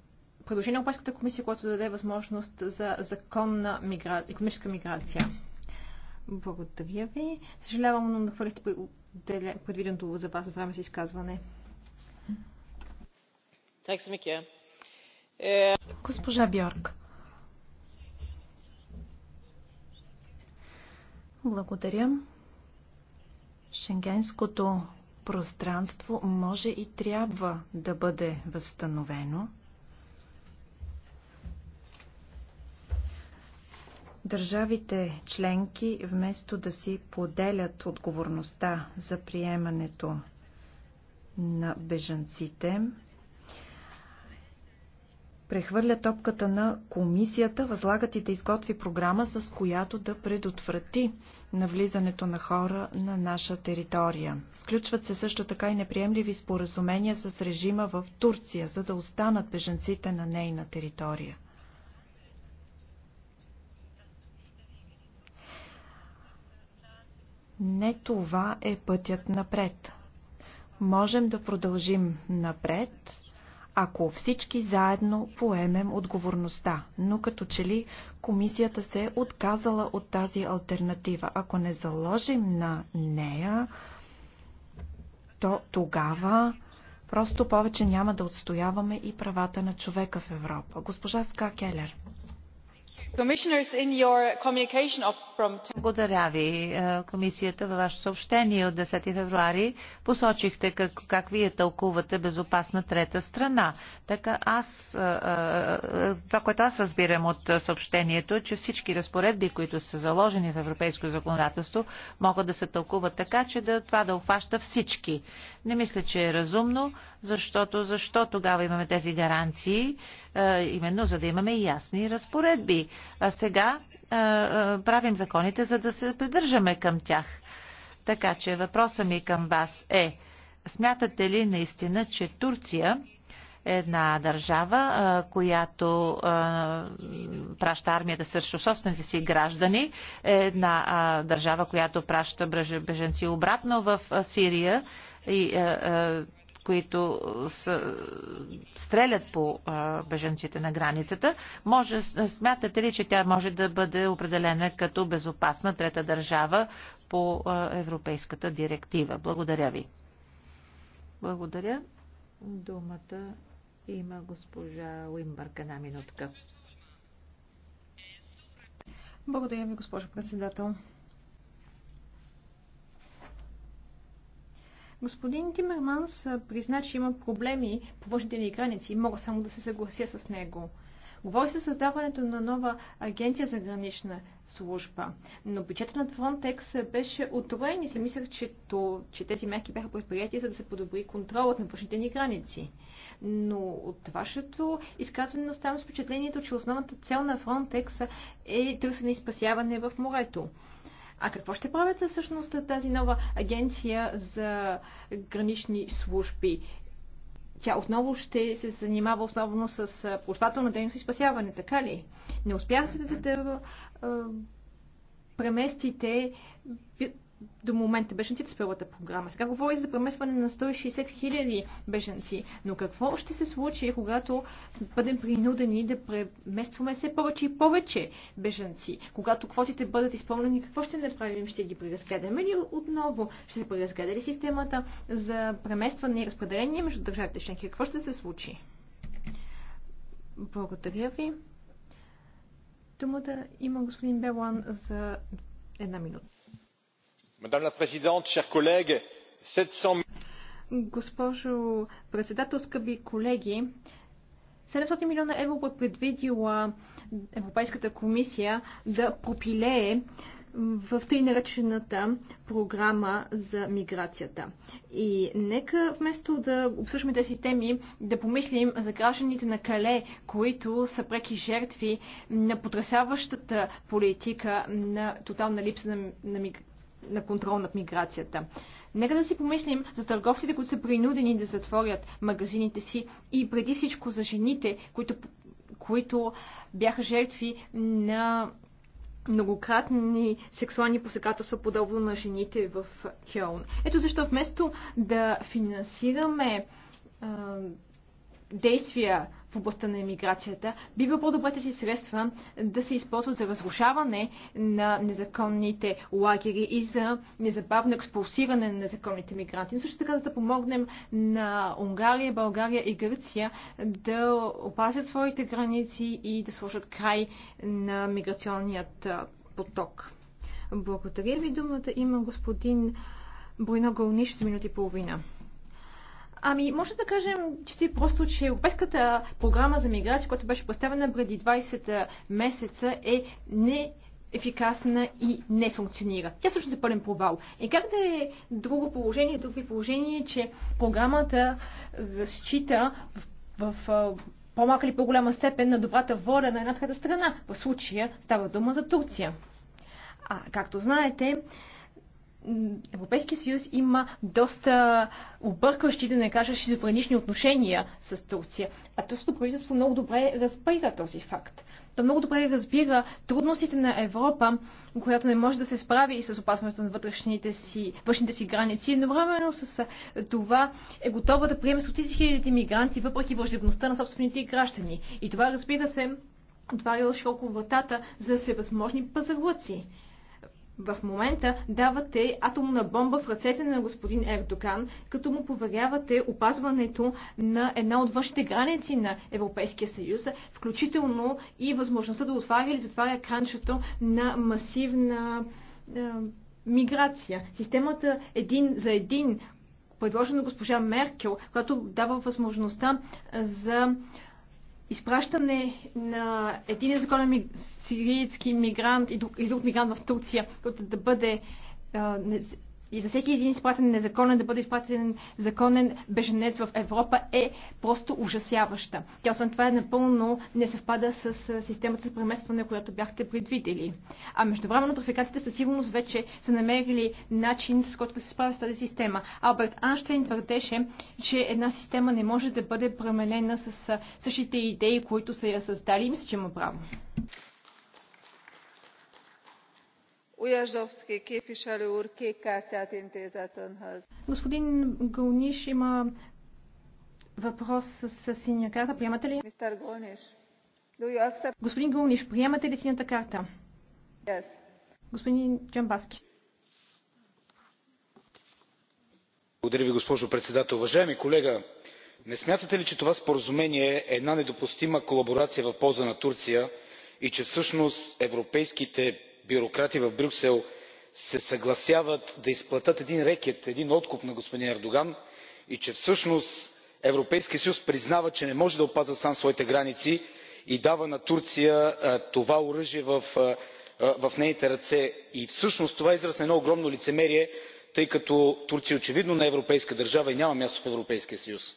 предложение на Европейската комисия, което даде възможност за законна мигра... економическа миграция. Благодаря ви. Съжалявам, но нахвърлихте предвиденото за вас време за изказване. Госпожа Бьорк. Благодаря. Шенгенското пространство може и трябва да бъде възстановено. Държавите членки, вместо да си поделят отговорността за приемането на бежанците, прехвърля топката на комисията, възлагат и да изготви програма, с която да предотврати навлизането на хора на наша територия. Сключват се също така и неприемливи споразумения с режима в Турция, за да останат беженците на нейна територия. Не това е пътят напред. Можем да продължим напред, ако всички заедно поемем отговорността. Но като че ли комисията се е отказала от тази альтернатива. Ако не заложим на нея, то тогава просто повече няма да отстояваме и правата на човека в Европа. Госпожа Ска Келер. Благодаря ви. Е, комисията във вашето съобщение от 10 февруари посочихте как, как вие тълкувате безопасна трета страна. Така аз, е, е, това, което аз разбирам от съобщението, е, че всички разпоредби, които са заложени в европейско законодателство, могат да се тълкуват така, че да, това да обхваща всички. Не мисля, че е разумно, защото, защо тогава имаме тези гаранции? Е, именно за да имаме ясни разпоредби. А сега е, е, правим законите, за да се придържаме към тях. Така че въпросът ми към вас е, смятате ли наистина, че Турция е една държава, която праща армията срещу собствените си граждани, е една държава, която праща беженци обратно в Сирия и които е, са, стрелят по а, е, беженците на границата, може, смятате ли, че тя може да бъде определена като безопасна трета държава по а, е, Европейската директива? Благодаря ви. Благодаря. Думата има госпожа Уимбърг една минутка. Благодаря ви, госпожо председател. Господин Тимерманс призна, че има проблеми по външните ни граници и мога само да се съглася с него. Говори се създаването на нова агенция за гранична служба, но бюджетът на Frontex беше отроен и се мислях, че, то, че тези мерки бяха предприяти, за да се подобри контролът на външните ни граници. Но от вашето изказване оставам с впечатлението, че основната цел на Frontex е търсене и спасяване в морето. А какво ще правят всъщност тази нова агенция за гранични служби? тя отново ще се занимава основно с проучвателна дейност и спасяване, така ли? Не успяхте да, да, да преместите до момента беженците с първата програма. Сега говори за преместване на 160 хиляди беженци. Но какво ще се случи, когато бъдем принудени да преместваме все повече и повече беженци? Когато квотите бъдат изпълнени, какво ще направим? Ще ги преразгледаме ли отново? Ще се преразгледа ли системата за преместване и разпределение между държавите членки? Какво ще се случи? Благодаря ви. Думата има господин Белан за една минута. Госпожо председател, скъпи колеги, 700 милиона евро е предвидила Европейската комисия да пропилее в тъй наречената програма за миграцията. И нека вместо да обсъждаме тези теми, да помислим за гражданите на Кале, които са преки жертви на потрясаващата политика на тотална липса на, на, на контрол над миграцията. Нека да си помислим за търговците, които са принудени да затворят магазините си и преди всичко за жените, които, които бяха жертви на многократни сексуални посегателства, подобно на жените в Хелн. Ето защо вместо да финансираме действия в областта на емиграцията, би било по-добре тези средства да се използват за разрушаване на незаконните лагери и за незабавно експулсиране на незаконните мигранти. Но също така да помогнем на Унгария, България и Гърция да опазят своите граници и да сложат край на миграционният поток. Благодаря ви. Думата има господин Бойно Голниш за минути и половина. Ами, може да кажем че и просто, че Европейската програма за миграция, която беше представена преди 20 месеца, е не ефикасна и не функционира. Тя също е пълен провал. И как да е друго положение, друго е положение, че програмата разчита в, в по-малка или по-голяма степен на добрата воля на една трета страна. В случая става дума за Турция. А, както знаете, Европейския съюз има доста объркващи, да не кажа, шизофренични отношения с Турция. А турското правителство много добре разбира този факт. То много добре разбира трудностите на Европа, която не може да се справи и с опасването на вътрешните си, външните си граници. Едновременно с това е готова да приеме стотици хиляди мигранти, въпреки враждебността на собствените граждани. И това, разбира се, отваря широко вратата за всевъзможни пазарлъци в момента давате атомна бомба в ръцете на господин Ердоган, като му поверявате опазването на една от външните граници на Европейския съюз, включително и възможността да отваря или затваря кранчето на масивна е, миграция. Системата един за един, предложена госпожа Меркел, която дава възможността за е, изпращане на един незаконен сирийски мигрант и друг, и друг мигрант в Турция, който да бъде и за всеки един изпратен незаконен да бъде изпратен законен беженец в Европа е просто ужасяваща. Тя освен това е напълно не съвпада с системата за преместване, която бяхте предвидели. А междувременно трафикатите със сигурност вече са намерили начин с който да се справят с тази система. Алберт Анштейн твърдеше, че една система не може да бъде променена с същите идеи, които са я създали мисля, че има право. Господин Гониш има въпрос с синя карта. Приемате ли? Господин Гониш, приемате ли синята карта? Yes. Господин Джамбаски. Благодаря ви, госпожо председател. Уважаеми колега, не смятате ли, че това споразумение е една недопустима колаборация в полза на Турция и че всъщност европейските бюрократи в брюксел се съгласяват да изплатят един рекет един откуп на господин ердоган и че всъщност европейският съюз признава че не може да опазва сам своите граници и дава на турция това оръжие в нейните ръце. всъщност това е израз на едно огромно лицемерие тъй като турция е очевидно не е европейска държава и няма място в европейския съюз.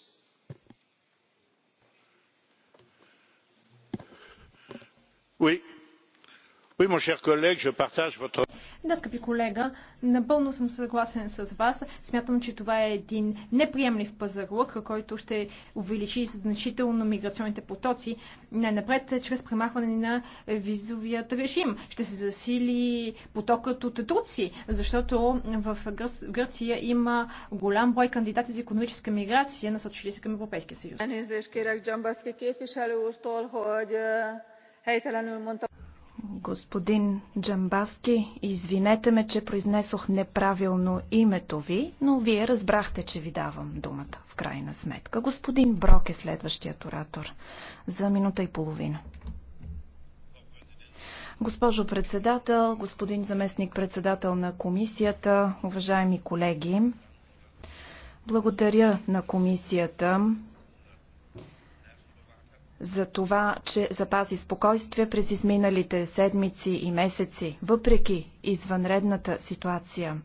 Да, скъпи колега, напълно съм съгласен с вас. Смятам, че това е един неприемлив пазарлък, който ще увеличи значително миграционните потоци. Най-напред, чрез премахване на визовият режим. Ще се засили потокът от турци, защото в Гърция има голям брой кандидати за економическа миграция, насочили се към Европейския съюз Господин Джамбаски, извинете ме, че произнесох неправилно името ви, но вие разбрахте, че ви давам думата в крайна сметка. Господин Брок е следващият оратор за минута и половина. Госпожо председател, господин заместник председател на комисията, уважаеми колеги, благодаря на комисията за това, че запази спокойствие през изминалите седмици и месеци, въпреки извънредната ситуация,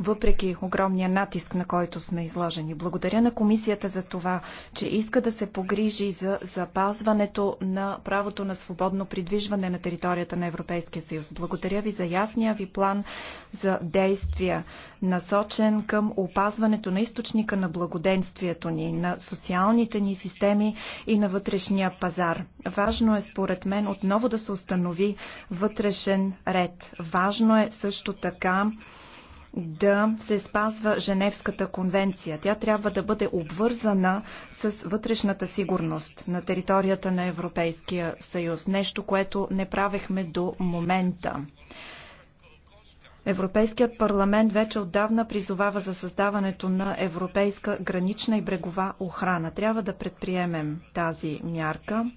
въпреки огромния натиск, на който сме изложени. Благодаря на комисията за това, че иска да се погрижи за запазването на правото на свободно придвижване на територията на Европейския съюз. Благодаря ви за ясния ви план за действия, насочен към опазването на източника на благоденствието ни, на социалните ни системи и на вътрешния пазар. Важно е, според мен, отново да се установи вътрешен ред. Важно Важно е също така да се спазва Женевската конвенция. Тя трябва да бъде обвързана с вътрешната сигурност на територията на Европейския съюз. Нещо, което не правехме до момента. Европейският парламент вече отдавна призовава за създаването на европейска гранична и брегова охрана. Трябва да предприемем тази мярка.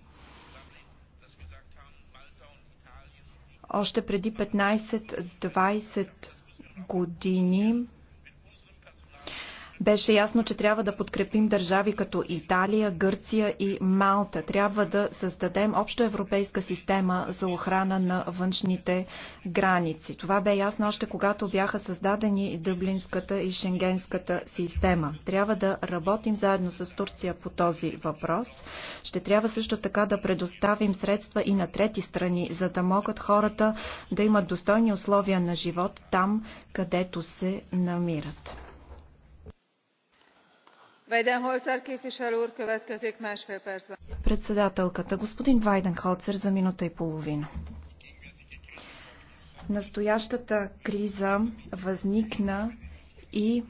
Още преди 15-20 години беше ясно, че трябва да подкрепим държави като Италия, Гърция и Малта. Трябва да създадем общо европейска система за охрана на външните граници. Това бе ясно още когато бяха създадени Дъблинската и Шенгенската система. Трябва да работим заедно с Турция по този въпрос. Ще трябва също така да предоставим средства и на трети страни, за да могат хората да имат достойни условия на живот там, където се намират. Председателката, господин Вайденхолцер, за минута и половина. Настоящата криза възникна и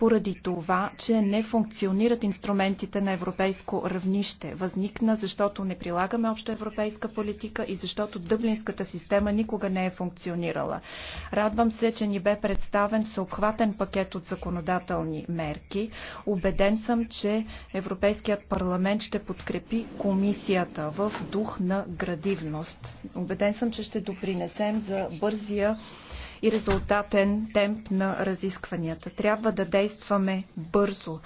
поради това, че не функционират инструментите на европейско равнище. Възникна, защото не прилагаме обща европейска политика и защото дъблинската система никога не е функционирала. Радвам се, че ни бе представен съобхватен пакет от законодателни мерки. Обеден съм, че Европейският парламент ще подкрепи комисията в дух на градивност. Обеден съм, че ще допринесем за бързия и резултатен темп на разискванията. Трябва да действаме бързо.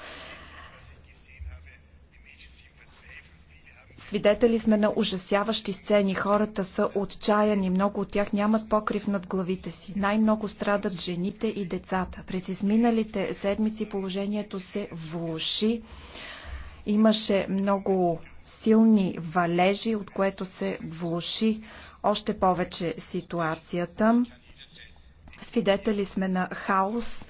Свидетели сме на ужасяващи сцени. Хората са отчаяни. Много от тях нямат покрив над главите си. Най-много страдат жените и децата. През изминалите седмици положението се влуши. Имаше много силни валежи, от което се влуши още повече ситуацията. Свидетели сме на хаос,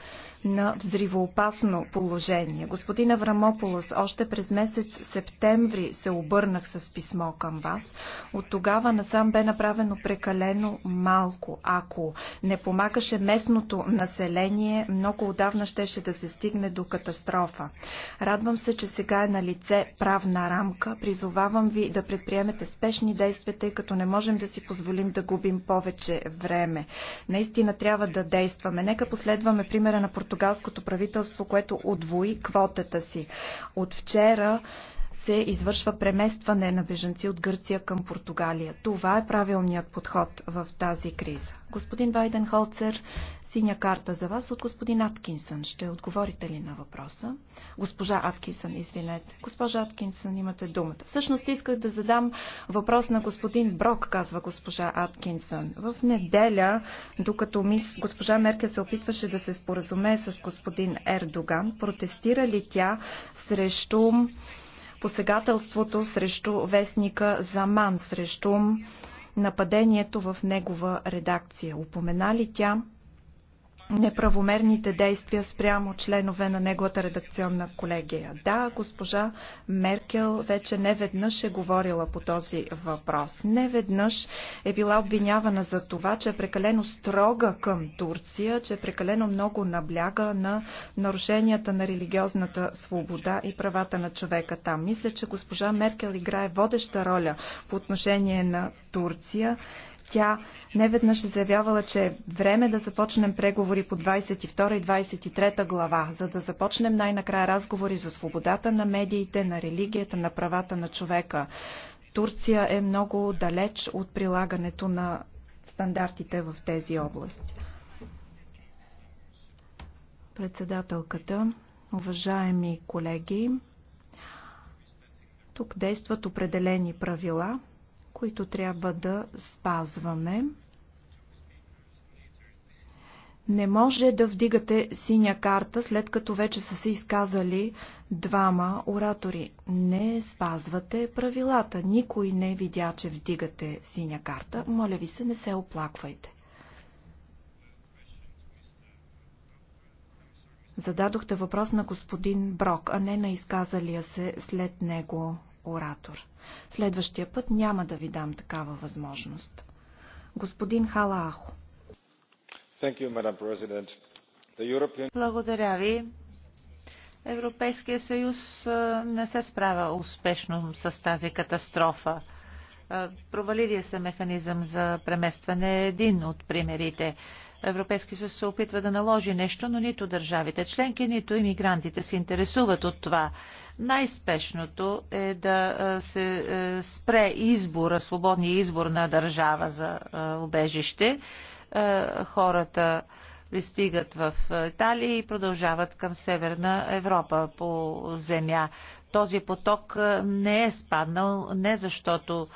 на взривоопасно положение. Господин Аврамополос, още през месец септември се обърнах с писмо към вас. От тогава насам бе направено прекалено малко. Ако не помагаше местното население, много отдавна щеше да се стигне до катастрофа. Радвам се, че сега е на лице правна рамка. Призовавам ви да предприемете спешни действия, тъй като не можем да си позволим да губим повече време. Наистина трябва да действаме. Нека последваме примера на Португалия португалското правителство, което отвои квотата си. От вчера се извършва преместване на бежанци от Гърция към Португалия. Това е правилният подход в тази криза. Господин Вайденхолцер, Холцер, синя карта за вас от господин Аткинсън. Ще отговорите ли на въпроса? Госпожа Аткинсън, извинете. Госпожа Аткинсън, имате думата. Всъщност исках да задам въпрос на господин Брок, казва госпожа Аткинсън. В неделя, докато мис... госпожа Мерке се опитваше да се споразумее с господин Ердоган, протестира ли тя срещу посегателството срещу вестника Заман, срещу нападението в негова редакция. Упомена ли тя неправомерните действия спрямо членове на неговата редакционна колегия. Да, госпожа Меркел вече не веднъж е говорила по този въпрос. Не веднъж е била обвинявана за това, че е прекалено строга към Турция, че е прекалено много набляга на нарушенията на религиозната свобода и правата на човека там. Мисля, че госпожа Меркел играе водеща роля по отношение на Турция тя неведнъж е заявявала, че е време да започнем преговори по 22 и 23 глава, за да започнем най-накрая разговори за свободата на медиите, на религията, на правата на човека. Турция е много далеч от прилагането на стандартите в тези области. Председателката, уважаеми колеги, тук действат определени правила, които трябва да спазваме. Не може да вдигате синя карта, след като вече са се изказали двама оратори. Не спазвате правилата. Никой не видя, че вдигате синя карта. Моля ви се, не се оплаквайте. Зададохте въпрос на господин Брок, а не на изказалия се след него оратор. Следващия път няма да ви дам такава възможност. Господин Халаахо. European... Благодаря ви. Европейския съюз не се справя успешно с тази катастрофа. Провалилия е се механизъм за преместване е един от примерите. Европейски съюз се опитва да наложи нещо, но нито държавите членки, нито иммигрантите се интересуват от това. Най-спешното е да се спре избора, свободния избор на държава за убежище. Хората пристигат в Италия и продължават към Северна Европа по земя. Този поток не е спаднал не защото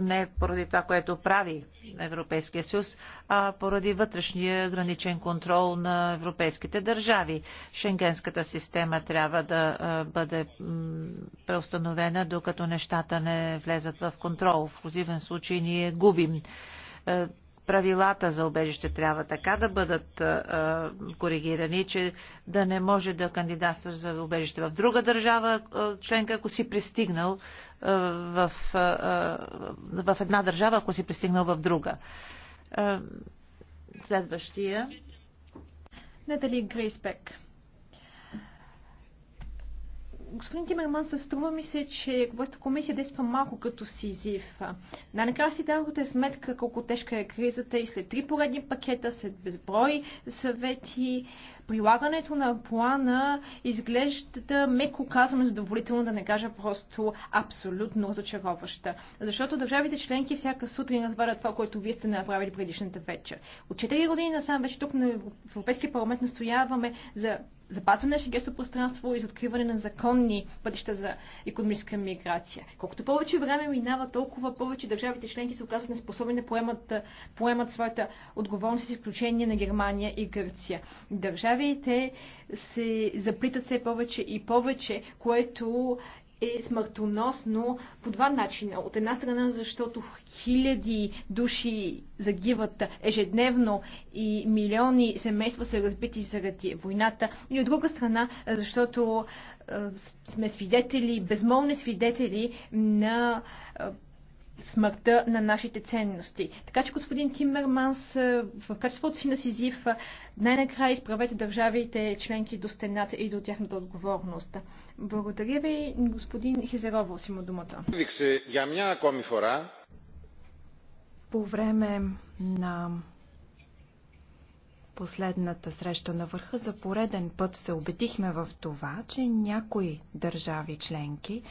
не поради това, което прави Европейския съюз, а поради вътрешния граничен контрол на европейските държави. Шенгенската система трябва да бъде преустановена, докато нещата не влезат в контрол. В позивен случай ние губим правилата за обежище трябва така да бъдат а, коригирани, че да не може да кандидатстваш за обежище в друга държава членка, ако си пристигнал а, в, а, в една държава, ако си пристигнал в друга. А, следващия. Натали Грейспек господин Тимерман, се струва ми се, че Европейската комисия действа малко като Сизиф. Най-накрая си дадохте сметка колко тежка е кризата и след три поредни пакета, след безброй съвети, прилагането на плана изглежда, меко казвам, задоволително, да не кажа просто абсолютно разочароваща. Защото държавите членки всяка сутрин разбарят това, което вие сте направили предишната вечер. От 4 години насам вече тук на Европейския парламент настояваме за запазване на шенгенското пространство и за откриване на законни пътища за економическа миграция. Колкото повече време минава, толкова повече държавите членки се оказват неспособни да поемат, поемат своята отговорност, с изключение на Германия и Гърция. Държави държави, те се заплитат все повече и повече, което е смъртоносно по два начина. От една страна, защото хиляди души загиват ежедневно и милиони семейства са разбити заради войната. И от друга страна, защото сме свидетели, безмолни свидетели на смъртта на нашите ценности. Така че, господин Тиммерманс, е, в качеството си на Сизиф, е, най-накрая изправете държавите членки до стената и до тяхната отговорност. Благодаря ви, господин Хизерово, си му думата. По време на последната среща на върха за пореден път се убедихме в това, че някои държави членки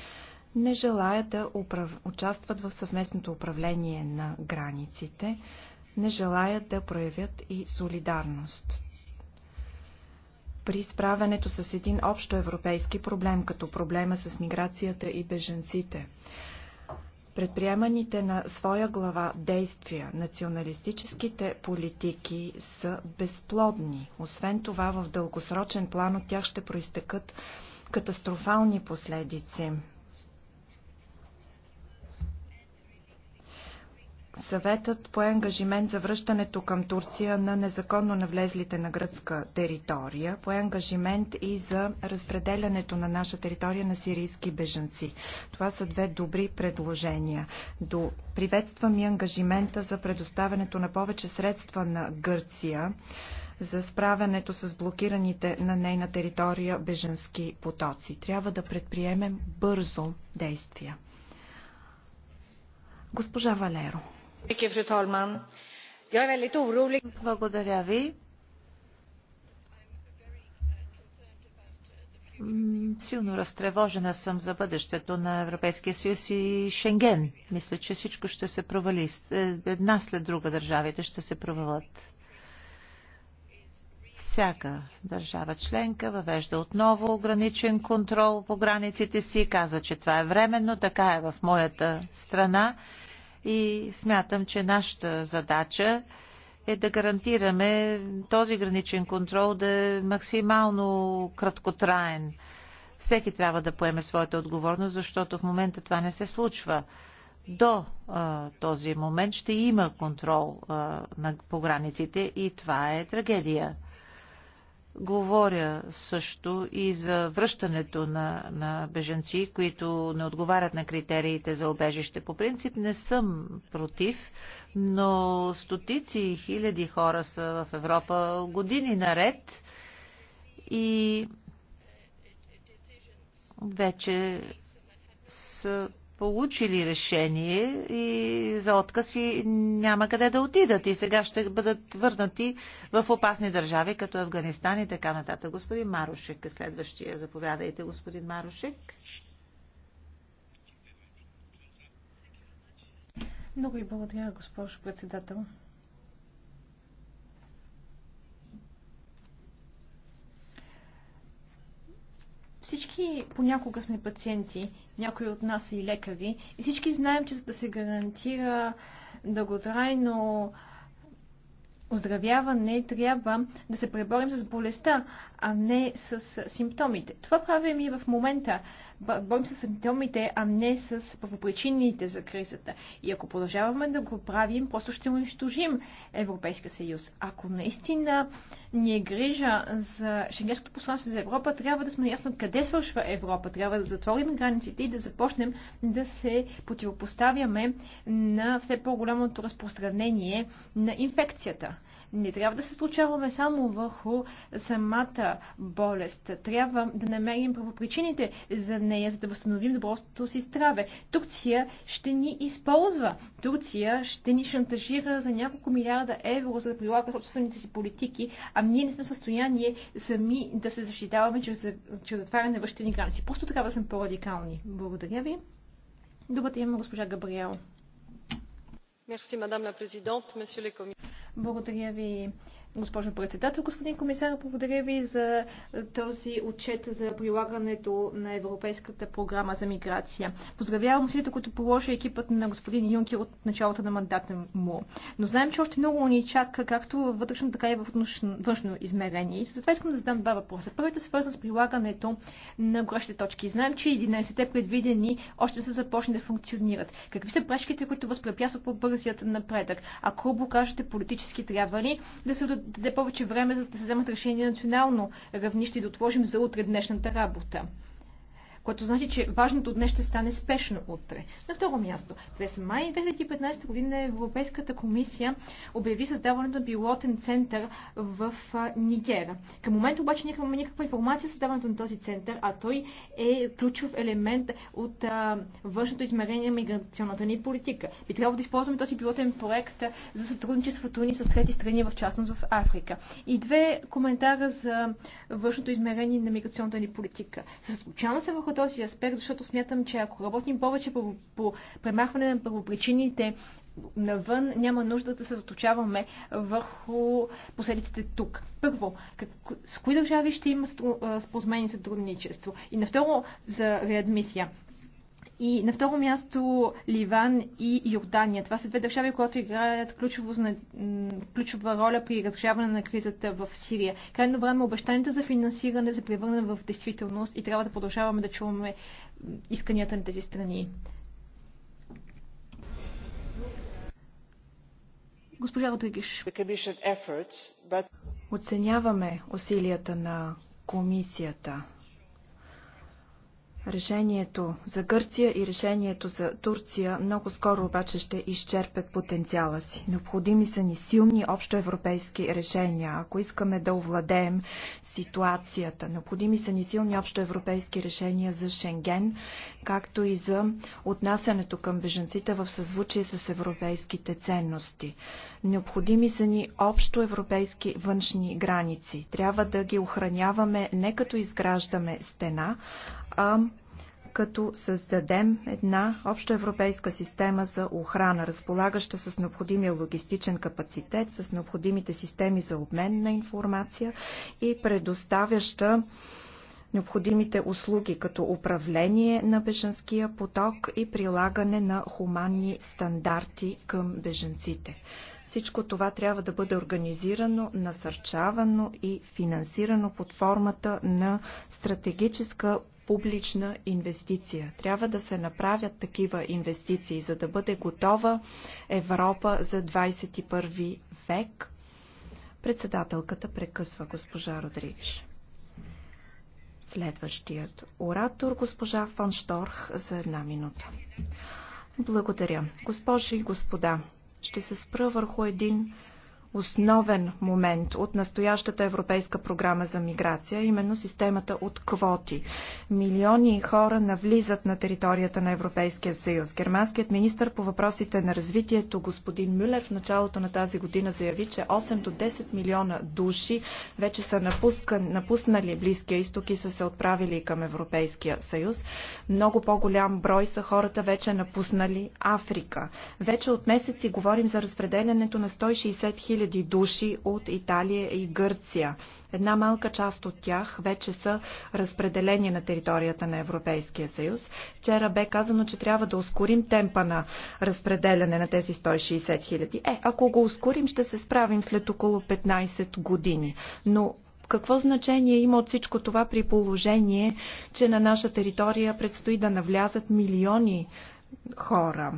не желаят да управ... участват в съвместното управление на границите, не желаят да проявят и солидарност. При справянето с един общо европейски проблем, като проблема с миграцията и беженците, предприеманите на своя глава действия, националистическите политики са безплодни. Освен това, в дългосрочен план от тях ще проистекат катастрофални последици. Съветът пое ангажимент за връщането към Турция на незаконно навлезлите на гръцка територия, пое ангажимент и за разпределянето на наша територия на сирийски бежанци. Това са две добри предложения. До приветствам и ангажимента за предоставянето на повече средства на Гърция за справянето с блокираните на нейна територия беженски потоци. Трябва да предприемем бързо действия. Госпожа Валеро. Благодаря ви. Силно разтревожена съм за бъдещето на Европейския съюз и Шенген. Мисля, че всичко ще се провали. Е, една след друга държавите ще се провалят. Всяка държава членка въвежда отново граничен контрол по границите си, казва, че това е временно, така е в моята страна и смятам, че нашата задача е да гарантираме този граничен контрол да е максимално краткотраен. Всеки трябва да поеме своята отговорност, защото в момента това не се случва. До а, този момент ще има контрол а, на, по границите и това е трагедия. Говоря също и за връщането на, на беженци, които не отговарят на критериите за обежище. По принцип не съм против, но стотици хиляди хора са в Европа години наред и вече са получили решение и за отказ и няма къде да отидат и сега ще бъдат върнати в опасни държави, като Афганистан и така нататък. Господин Марушек е следващия. Заповядайте, господин Марушек. Много ви благодаря, госпожо председател. Всички понякога сме пациенти, някои от нас са и лекари, и всички знаем, че за да се гарантира дълготрайно оздравяване, трябва да се преборим с болестта, а не с симптомите. Това правим и в момента. Борим се с симптомите, а не с първопричините за кризата. И ако продължаваме да го правим, просто ще унищожим Европейския съюз. Ако наистина ни е грижа за шенгенското посланство за Европа, трябва да сме ясно къде свършва Европа. Трябва да затворим границите и да започнем да се противопоставяме на все по-голямото разпространение на инфекцията. Не трябва да се случаваме само върху самата болест. Трябва да намерим правопричините за нея, за да възстановим доброто си здраве. Турция ще ни използва. Турция ще ни шантажира за няколко милиарда евро, за да прилага собствените си политики, а ние не сме в състояние сами да се защитаваме чрез, чрез затваряне на външните ни граници. Просто трябва да сме по-радикални. Благодаря ви. Добре, има госпожа Габриел. Благодаря ви, госпожо председател. Господин комисар, благодаря ви за този отчет за прилагането на Европейската програма за миграция. Поздравявам усилията, които положи екипът на господин Юнкер от началото на мандата му. Но знаем, че още много ни чака, както във вътрешно, така и в външно измерение. И затова искам да задам два въпроса. Първият е свързан с прилагането на горещите точки. Знаем, че 11-те предвидени още не са започнали да функционират. Какви са пречките, които възпрепятстват по-бързият напредък? Ако кажете политически, трябва ли да се даде повече време, за да се вземат решения национално равнище и да отложим за утре днешната работа което значи, че важното днес ще стане спешно утре. На второ място, през май 2015 година Европейската комисия обяви създаването на пилотен център в Нигера. Към момента обаче нямаме никаква информация за създаването на този център, а той е ключов елемент от а, външното измерение на миграционната ни политика. Би трябвало да използваме този пилотен проект за сътрудничеството ни с трети страни, в частност в Африка. И две коментара за външното измерение на миграционната ни политика. Съсредоточаваме се върху този аспект, защото смятам, че ако работим повече по, по премахване на първопричините навън, няма нужда да се заточаваме върху последиците тук. Първо, как, с кои държави ще има споразумение за трудничество? И на второ, за реадмисия. И на второ място Ливан и Йордания. Това са две държави, които играят ключова роля при разрешаване на кризата в Сирия. Крайно време е обещанията за финансиране се превърнат в действителност и трябва да продължаваме да чуваме исканията на тези страни. Госпожа Родригиш. Оценяваме усилията на комисията Решението за Гърция и решението за Турция много скоро обаче ще изчерпят потенциала си. Необходими са ни силни общоевропейски решения, ако искаме да овладеем ситуацията. Необходими са ни силни общоевропейски решения за Шенген, както и за отнасянето към беженците в съзвучие с европейските ценности. Необходими са ни общоевропейски външни граници. Трябва да ги охраняваме не като изграждаме стена, а като създадем една обща европейска система за охрана, разполагаща с необходимия логистичен капацитет, с необходимите системи за обмен на информация и предоставяща необходимите услуги като управление на беженския поток и прилагане на хуманни стандарти към беженците. Всичко това трябва да бъде организирано, насърчавано и финансирано под формата на стратегическа публична инвестиция. Трябва да се направят такива инвестиции, за да бъде готова Европа за 21 век. Председателката прекъсва госпожа Родригеш. Следващият оратор, госпожа Фон Шторх, за една минута. Благодаря. Госпожи и господа, ще се спра върху един основен момент от настоящата европейска програма за миграция, именно системата от квоти. Милиони хора навлизат на територията на Европейския съюз. Германският министр по въпросите на развитието господин Мюлер в началото на тази година заяви, че 8 до 10 милиона души вече са напускан, напуснали Близкия изток и са се отправили към Европейския съюз. Много по-голям брой са хората вече напуснали Африка. Вече от месеци говорим за разпределянето на 160 000 000 души от Италия и Гърция. Една малка част от тях вече са разпределени на територията на Европейския съюз. Вчера бе казано, че трябва да ускорим темпа на разпределяне на тези 160 хиляди. Е, ако го ускорим, ще се справим след около 15 години. Но какво значение има от всичко това при положение, че на наша територия предстои да навлязат милиони хора?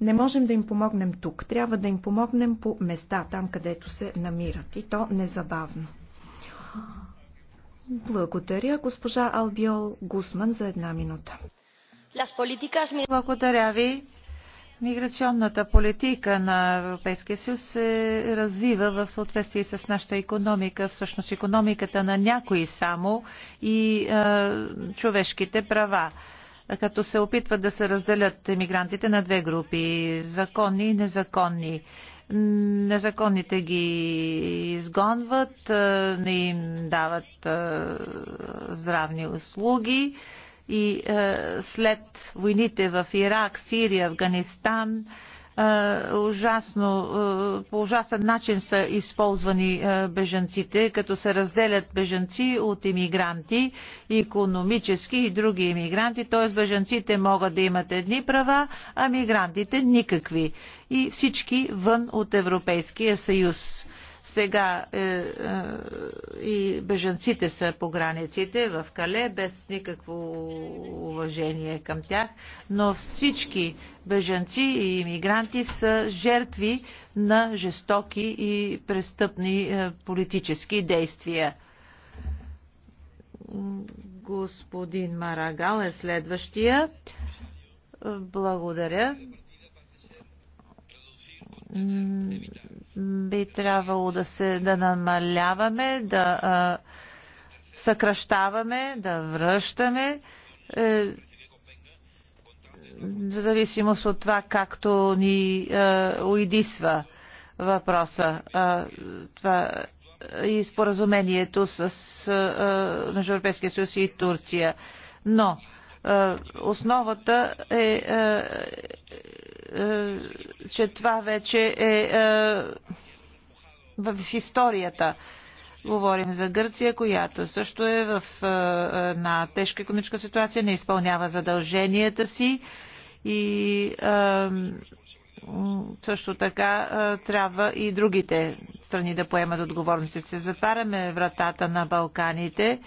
Не можем да им помогнем тук. Трябва да им помогнем по места, там където се намират. И то незабавно. Благодаря, госпожа Албиол Гусман, за една минута. Благодаря ви. Миграционната политика на Европейския съюз се развива в съответствие с нашата економика, всъщност економиката на някои само и е, човешките права като се опитват да се разделят емигрантите на две групи – законни и незаконни. Незаконните ги изгонват, не им дават здравни услуги и след войните в Ирак, Сирия, Афганистан – е, ужасно, е, по ужасен начин са използвани е, бежанците, като се разделят бежанци от иммигранти, економически и други иммигранти, т.е. бежанците могат да имат едни права, а мигрантите никакви и всички вън от Европейския съюз. Сега е, е, и бежанците са по границите в Кале, без никакво уважение към тях, но всички бежанци и иммигранти са жертви на жестоки и престъпни е, политически действия. Господин Марагал е следващия. Благодаря би трябвало да се да намаляваме, да а, съкръщаваме, да връщаме. Е, в зависимост от това, както ни е, уидисва въпроса. А, това и споразумението с е, е между Европейския съюз и Турция. Но е, основата е, е е, че това вече е, е в историята. Говорим за Гърция, която също е в е, една тежка економическа ситуация, не изпълнява задълженията си и също така трябва и другите страни да поемат отговорности. Се затваряме вратата на Балканите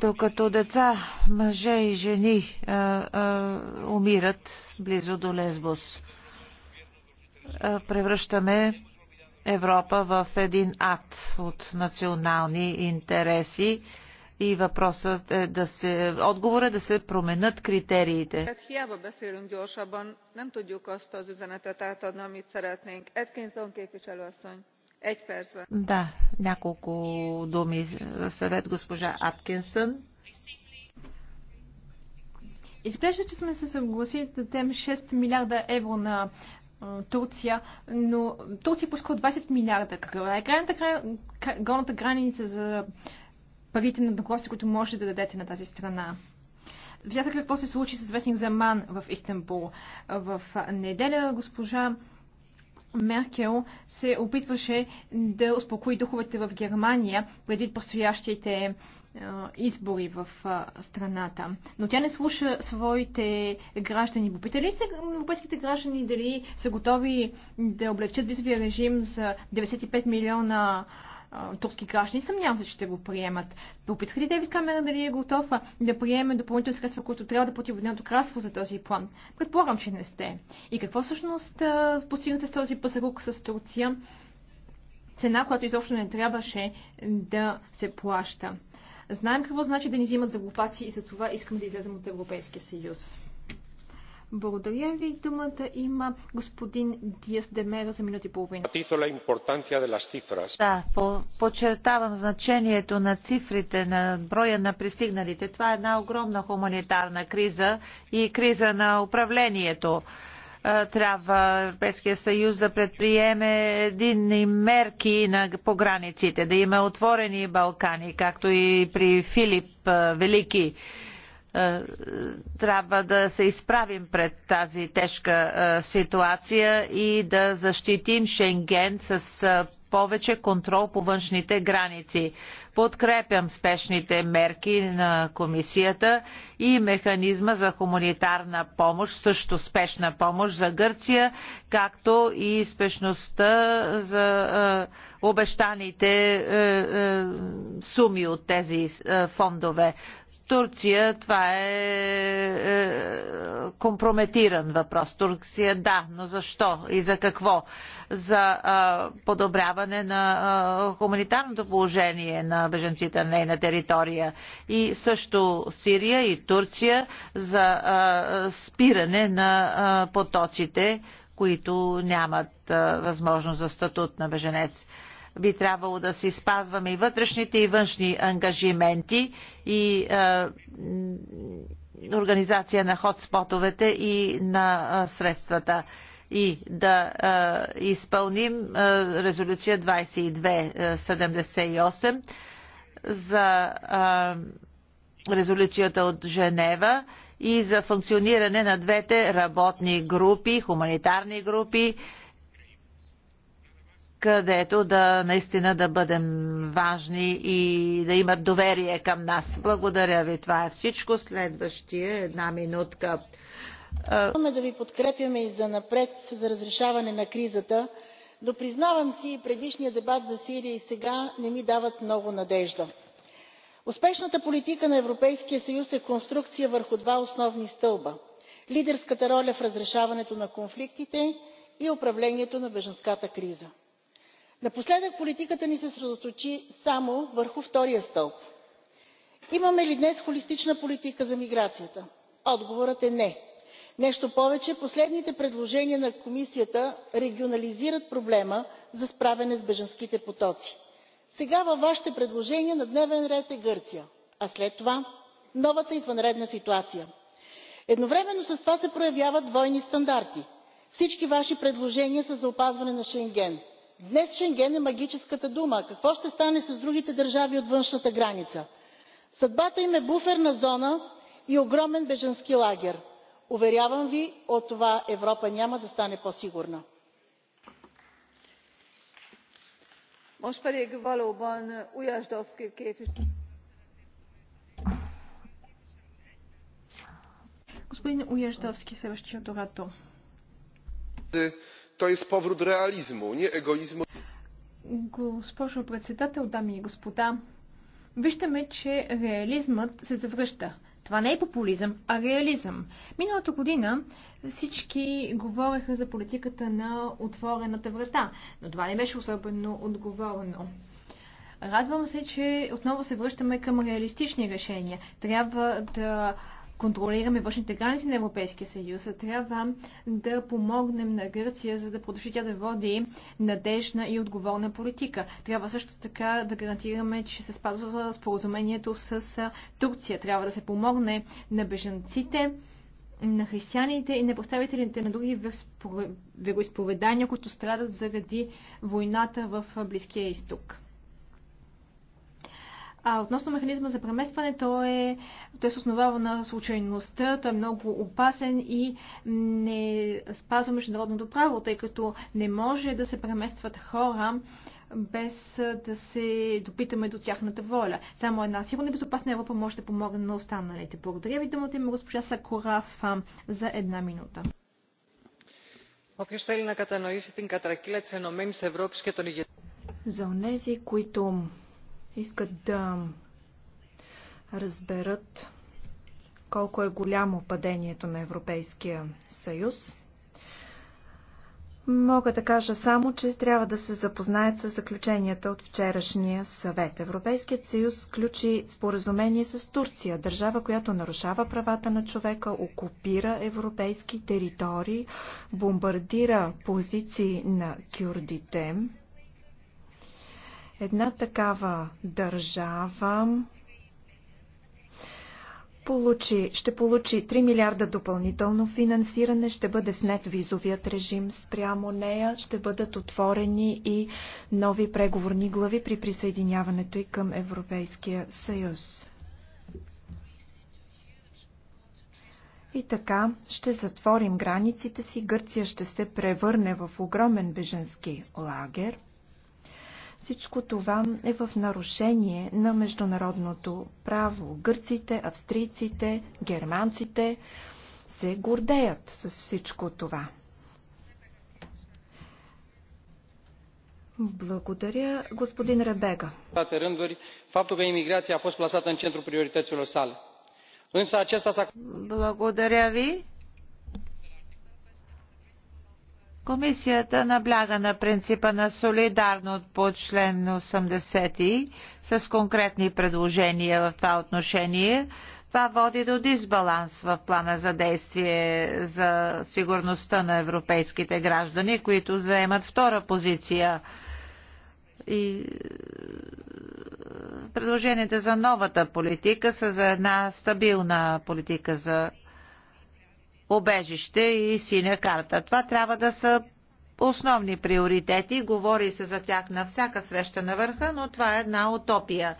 докато деца, мъже и жени а, а, умират близо до Лесбос. превръщаме Европа в един ад от национални интереси и въпросът е да се, отговорът е да се променят критериите. Да, няколко думи за съвет госпожа Аткинсън. Изглежда, че сме се съгласили да дадем 6 милиарда евро на Турция, но Турция пуска 20 милиарда. Каква е крайната, крайната граница за парите на договорите, които можете да дадете на тази страна? Видяхте какво се случи с вестник Заман в Истанбул. В неделя госпожа Меркел се опитваше да успокои духовете в Германия преди предстоящите избори в страната. Но тя не слуша своите граждани. Попитали се европейските граждани дали са готови да облегчат визовия режим за 95 милиона турски граждани, съмнявам се, че ще го приемат. Опитаха ли Девид Камера дали е готова да приеме допълнителни средства, които трябва да плати Обединеното кралство за този план? Предполагам, че не сте. И какво всъщност постигнате с този пазарук с Турция? Цена, която изобщо не трябваше да се плаща. Знаем какво значи да ни взимат за глупаци и за това искам да излезем от Европейския съюз. Благодаря ви. Думата има господин Диас Демера за минути и половина. Да, по- подчертавам значението на цифрите, на броя на пристигналите. Това е една огромна хуманитарна криза и криза на управлението е, трябва Европейския съюз да предприеме единни мерки на, по границите, да има отворени Балкани, както и при Филип е, Велики. Е, трябва да се изправим пред тази тежка е, ситуация и да защитим Шенген с е, повече контрол по външните граници. Подкрепям спешните мерки на комисията и механизма за хуманитарна помощ, също спешна помощ за Гърция, както и спешността за обещаните суми от тези фондове. Турция това е, е компрометиран въпрос. Турция да, но защо и за какво? За подобряване на хуманитарното положение на беженците на нейна територия. И също Сирия и Турция за спиране на потоците, които нямат възможност за статут на беженец би трябвало да си спазваме и вътрешните и външни ангажименти и е, организация на ходспотовете и на е, средствата и да е, изпълним е, резолюция 2278 за е, резолюцията от Женева и за функциониране на двете работни групи, хуманитарни групи, където да наистина да бъдем важни и да имат доверие към нас. Благодаря ви. Това е всичко. Следващия е една минутка. Имаме да ви подкрепяме и за напред за разрешаване на кризата, но признавам си и предишния дебат за Сирия и сега не ми дават много надежда. Успешната политика на Европейския съюз е конструкция върху два основни стълба – лидерската роля в разрешаването на конфликтите и управлението на беженската криза напоследък политиката ни се съсредоточи само върху втория стълб. имаме ли днес холистична политика за миграцията? отговорът е не. нещо повече последните предложения на комисията регионализират проблема за справяне с бежанските потоци. сега във вашите предложения на дневен ред е гърция а след това новата извънредна ситуация. едновременно с това се проявяват двойни стандарти. всички ваши предложения са за опазване на шенген. Днес Шенген е магическата дума. Какво ще стане с другите държави от външната граница? Съдбата им е буферна зона и огромен бежански лагер. Уверявам ви, от това Европа няма да стане по-сигурна. most pedig valóban képviselő. господин To jest powrót realizmu, nie egoizmu. Госпожо председател, дами и господа, виждаме, че реализмът се завръща. Това не е популизъм, а реализъм. Миналата година всички говореха за политиката на отворената врата, но това не беше особено отговорно. Радвам се, че отново се връщаме към реалистични решения. Трябва да контролираме външните граници на Европейския съюз, трябва да помогнем на Гърция, за да продължи тя да води надежна и отговорна политика. Трябва също така да гарантираме, че се спазва споразумението с Турция. Трябва да се помогне на бежанците на християните и на представителите на други вероисповедания, които страдат заради войната в Близкия изток. А относно механизма за преместване, той, е, той се основава на случайността, той е много опасен и не спазва международното право, тъй като не може да се преместват хора без да се допитаме до тяхната воля. Само една сигурна и безопасна Европа може да помогне на останалите. Благодаря ви, думата има госпожа Сакораф за една минута. За онези, които искат да разберат колко е голямо падението на Европейския съюз. Мога да кажа само, че трябва да се запознаят с заключенията от вчерашния съвет. Европейският съюз включи споразумение с Турция, държава, която нарушава правата на човека, окупира европейски територии, бомбардира позиции на кюрдите. Една такава държава получи, ще получи 3 милиарда допълнително финансиране, ще бъде снет визовият режим спрямо нея, ще бъдат отворени и нови преговорни глави при присъединяването и към Европейския съюз. И така ще затворим границите си, Гърция ще се превърне в огромен беженски лагер – всичко това е в нарушение на международното право. Гърците, австрийците, германците се гордеят с всичко това. Благодаря, господин Ребега. Toate rânduri, faptul că imigrația a fost plasată în centrul priorităților Însă acesta s-a... Благодаря ви. Комисията набляга на принципа на солидарност по член 80 с конкретни предложения в това отношение. Това води до дисбаланс в плана за действие за сигурността на европейските граждани, които заемат втора позиция. И е, предложенията за новата политика са за една стабилна политика за обежище и синя карта. Това трябва да са основни приоритети. Говори се за тях на всяка среща на върха, но това е една утопия.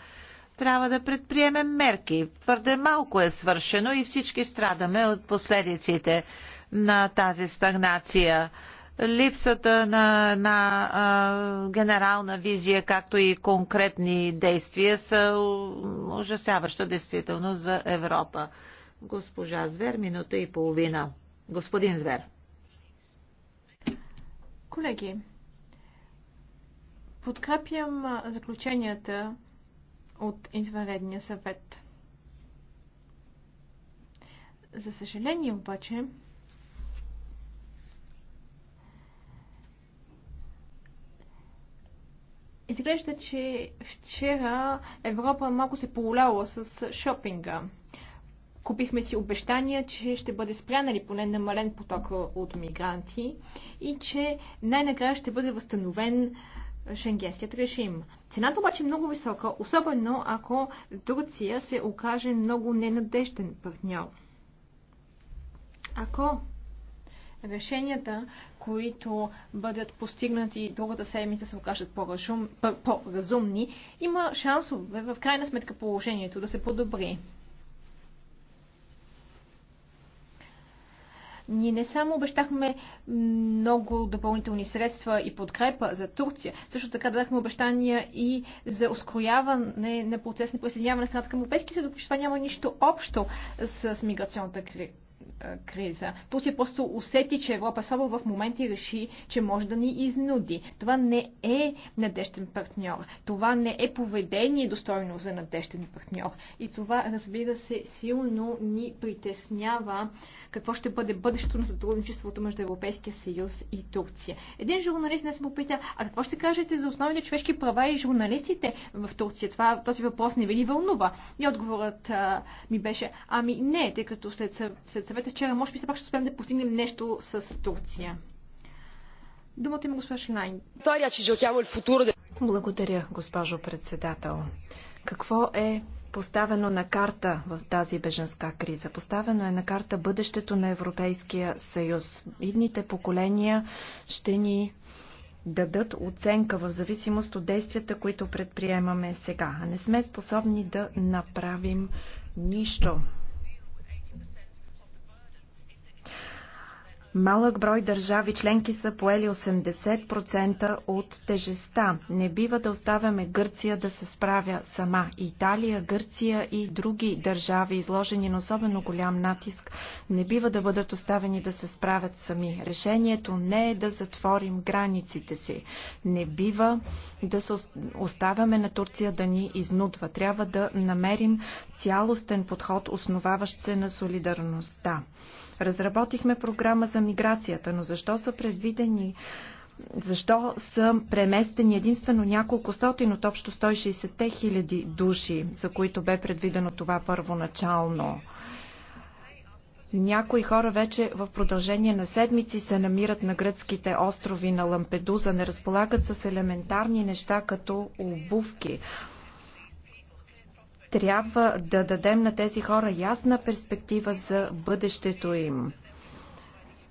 Трябва да предприемем мерки. Твърде малко е свършено и всички страдаме от последиците на тази стагнация. Липсата на, на а, генерална визия, както и конкретни действия са ужасяваща действително за Европа. Госпожа Звер, минута и половина. Господин Звер. Колеги, подкрепям заключенията от извънредния съвет. За съжаление обаче, изглежда, че вчера Европа малко се поуляла с шопинга. Купихме си обещания, че ще бъде спрян или нали, поне намален поток от мигранти и че най-накрая ще бъде възстановен шенгенският режим. Цената обаче е много висока, особено ако Турция се окаже много ненадежден партньор. Ако решенията, които бъдат постигнати другата седмица, се окажат по-разумни, има шансове в крайна сметка положението да се подобри. Ние не само обещахме много допълнителни средства и подкрепа за Турция, също така дадахме обещания и за ускоряване на процес на присъединяване на страната към Европейския съюз, това няма нищо общо с миграционната криза. Турция просто усети, че Европа слабо в момента и реши, че може да ни изнуди. Това не е надежден партньор. Това не е поведение достойно за надежден партньор. И това, разбира се, силно ни притеснява какво ще бъде бъдещето на сътрудничеството между Европейския съюз и Турция. Един журналист днес му пита, а какво ще кажете за основните човешки права и журналистите в Турция? Това, този въпрос не ви ли вълнува? И отговорът а, ми беше, ами не, тъй като след, след съвет говорите вчера, може би все пак ще успеем да постигнем нещо с Турция. Думата има госпожа Шлайн. Благодаря, госпожо председател. Какво е поставено на карта в тази беженска криза. Поставено е на карта бъдещето на Европейския съюз. Идните поколения ще ни дадат оценка в зависимост от действията, които предприемаме сега. А не сме способни да направим нищо. Малък брой държави членки са поели 80% от тежеста. Не бива да оставяме Гърция да се справя сама. Италия, Гърция и други държави, изложени на особено голям натиск, не бива да бъдат оставени да се справят сами. Решението не е да затворим границите си. Не бива да се оставяме на Турция да ни изнудва. Трябва да намерим цялостен подход, основаващ се на солидарността. Да. Разработихме програма за миграцията, но защо са предвидени защо са преместени единствено няколко стотин от общо 160 хиляди души, за които бе предвидено това първоначално. Някои хора вече в продължение на седмици се намират на гръцките острови на Лампедуза, не разполагат с елементарни неща като обувки. Трябва да дадем на тези хора ясна перспектива за бъдещето им.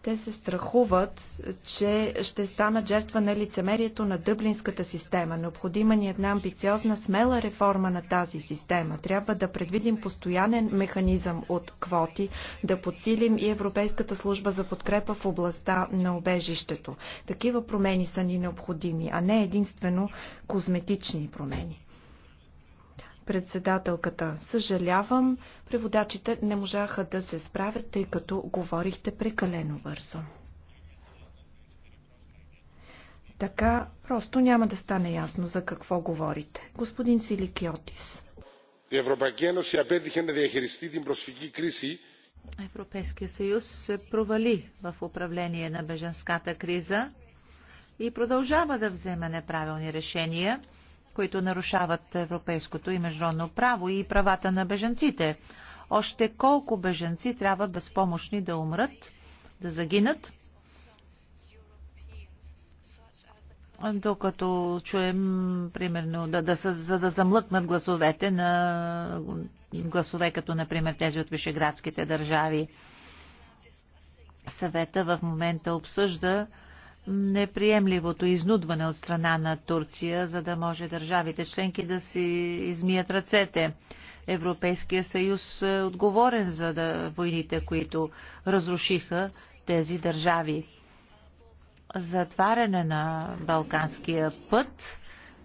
Те се страхуват, че ще станат жертва на лицемерието на дъблинската система. Необходима ни една амбициозна, смела реформа на тази система. Трябва да предвидим постоянен механизъм от квоти, да подсилим и Европейската служба за подкрепа в областта на обежището. Такива промени са ни необходими, а не единствено козметични промени. Председателката, съжалявам, преводачите не можаха да се справят, тъй като говорихте прекалено бързо. Така просто няма да стане ясно за какво говорите. Господин Силикиотис. Европейския съюз се провали в управление на беженската криза и продължава да взема неправилни решения – които нарушават европейското и международно право и правата на беженците. Още колко беженци трябва безпомощни да умрат, да загинат, докато чуем, примерно, да, да, за да замлъкнат гласовете на гласове, като, например, тези от вишеградските държави. Съвета в момента обсъжда неприемливото изнудване от страна на Турция, за да може държавите членки да си измият ръцете. Европейския съюз е отговорен за да, войните, които разрушиха тези държави. Затваряне на Балканския път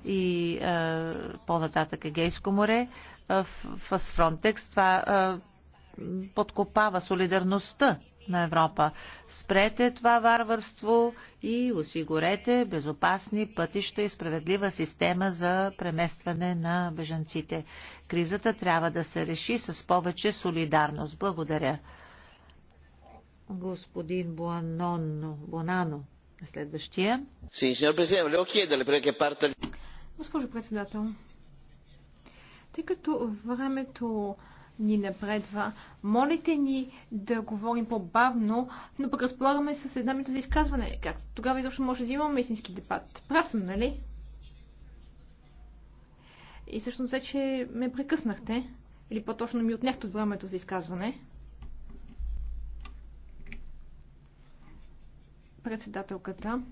и е, по-нататък Егейско море е, в, в Фронтекс, това е, подкопава солидарността на Европа. Спрете това варварство и осигурете безопасни пътища и справедлива система за преместване на бежанците. Кризата трябва да се реши с повече солидарност. Благодаря. Господин Буанонно, Бонано, следващия. Госпожо председател, тъй като времето ни напредва. Молите ни да говорим по-бавно, но пък разполагаме с една минута за изказване. Както тогава изобщо може да имаме истински дебат. Прав съм, нали? И всъщност вече ме прекъснахте. Или по-точно ми отнехте от времето за изказване. Председателката.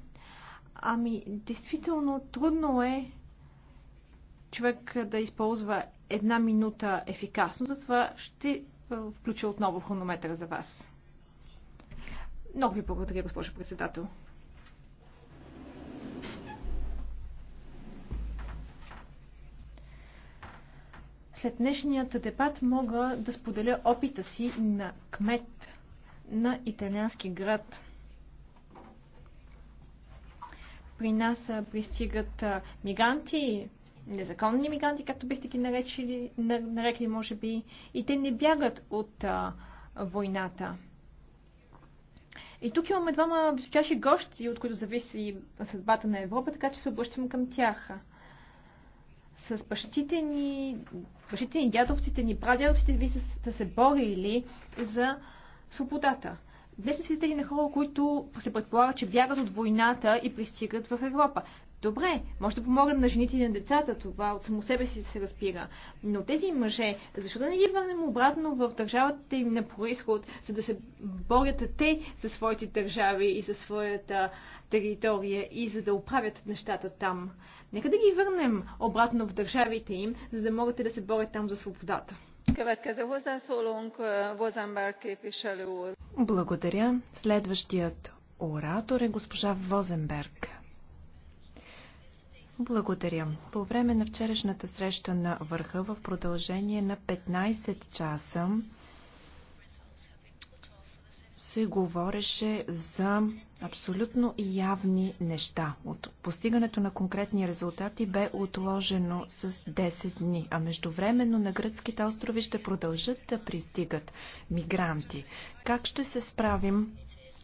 Ами, действително трудно е човек да използва една минута ефикасно, затова ще е, включа отново хронометъра за вас. Много ви благодаря, госпожо председател. След днешният дебат мога да споделя опита си на кмет на италиански град. При нас пристигат мигранти, незаконни мигранти, както бихте ги наречили, нарекли, може би, и те не бягат от а, войната. И тук имаме двама височаши гости, от които зависи съдбата на Европа, така че се обръщам към тях. С бащите ни, бащите ни, дядовците ни, прадядовците ви са, са се борили за свободата. Днес сме свидетели на хора, които се предполага, че бягат от войната и пристигат в Европа. Добре, може да помогнем на жените и на децата, това от само себе си се разбира. Но тези мъже, защо да не ги върнем обратно в държавата им на происход, за да се борят те за своите държави и за своята територия и за да оправят нещата там? Нека да ги върнем обратно в държавите им, за да могат да се борят там за свободата. Uh, Благодаря. Следващият оратор е госпожа Возенберг. Благодаря. По време на вчерашната среща на върха в продължение на 15 часа се говореше за абсолютно явни неща. От постигането на конкретни резултати бе отложено с 10 дни, а междувременно на гръцките острови ще продължат да пристигат мигранти. Как ще се справим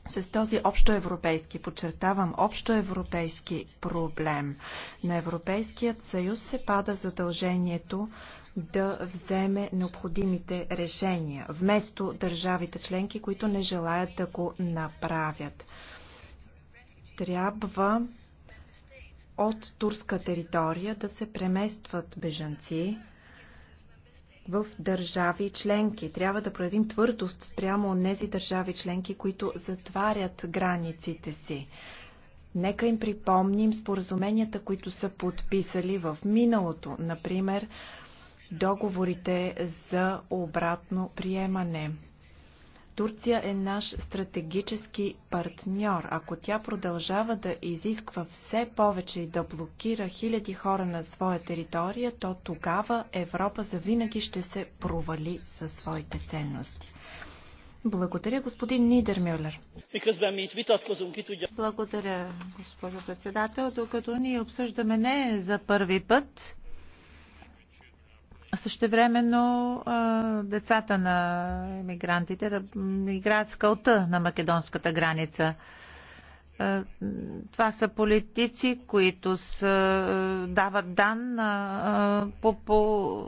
с този общоевропейски, подчертавам, общоевропейски проблем. На Европейският съюз се пада задължението да вземе необходимите решения, вместо държавите членки, които не желаят да го направят. Трябва от турска територия да се преместват бежанци, в държави членки. Трябва да проявим твърдост спрямо от тези държави членки, които затварят границите си. Нека им припомним споразуменията, които са подписали в миналото, например договорите за обратно приемане. Турция е наш стратегически партньор. Ако тя продължава да изисква все повече и да блокира хиляди хора на своя територия, то тогава Европа завинаги ще се провали със своите ценности. Благодаря, господин Нидермюлер. Благодаря, госпожо председател. Докато ние обсъждаме не за първи път, Същевременно децата на мигрантите играят в кълта на македонската граница. Това са политици, които са, дават дан на, по, по,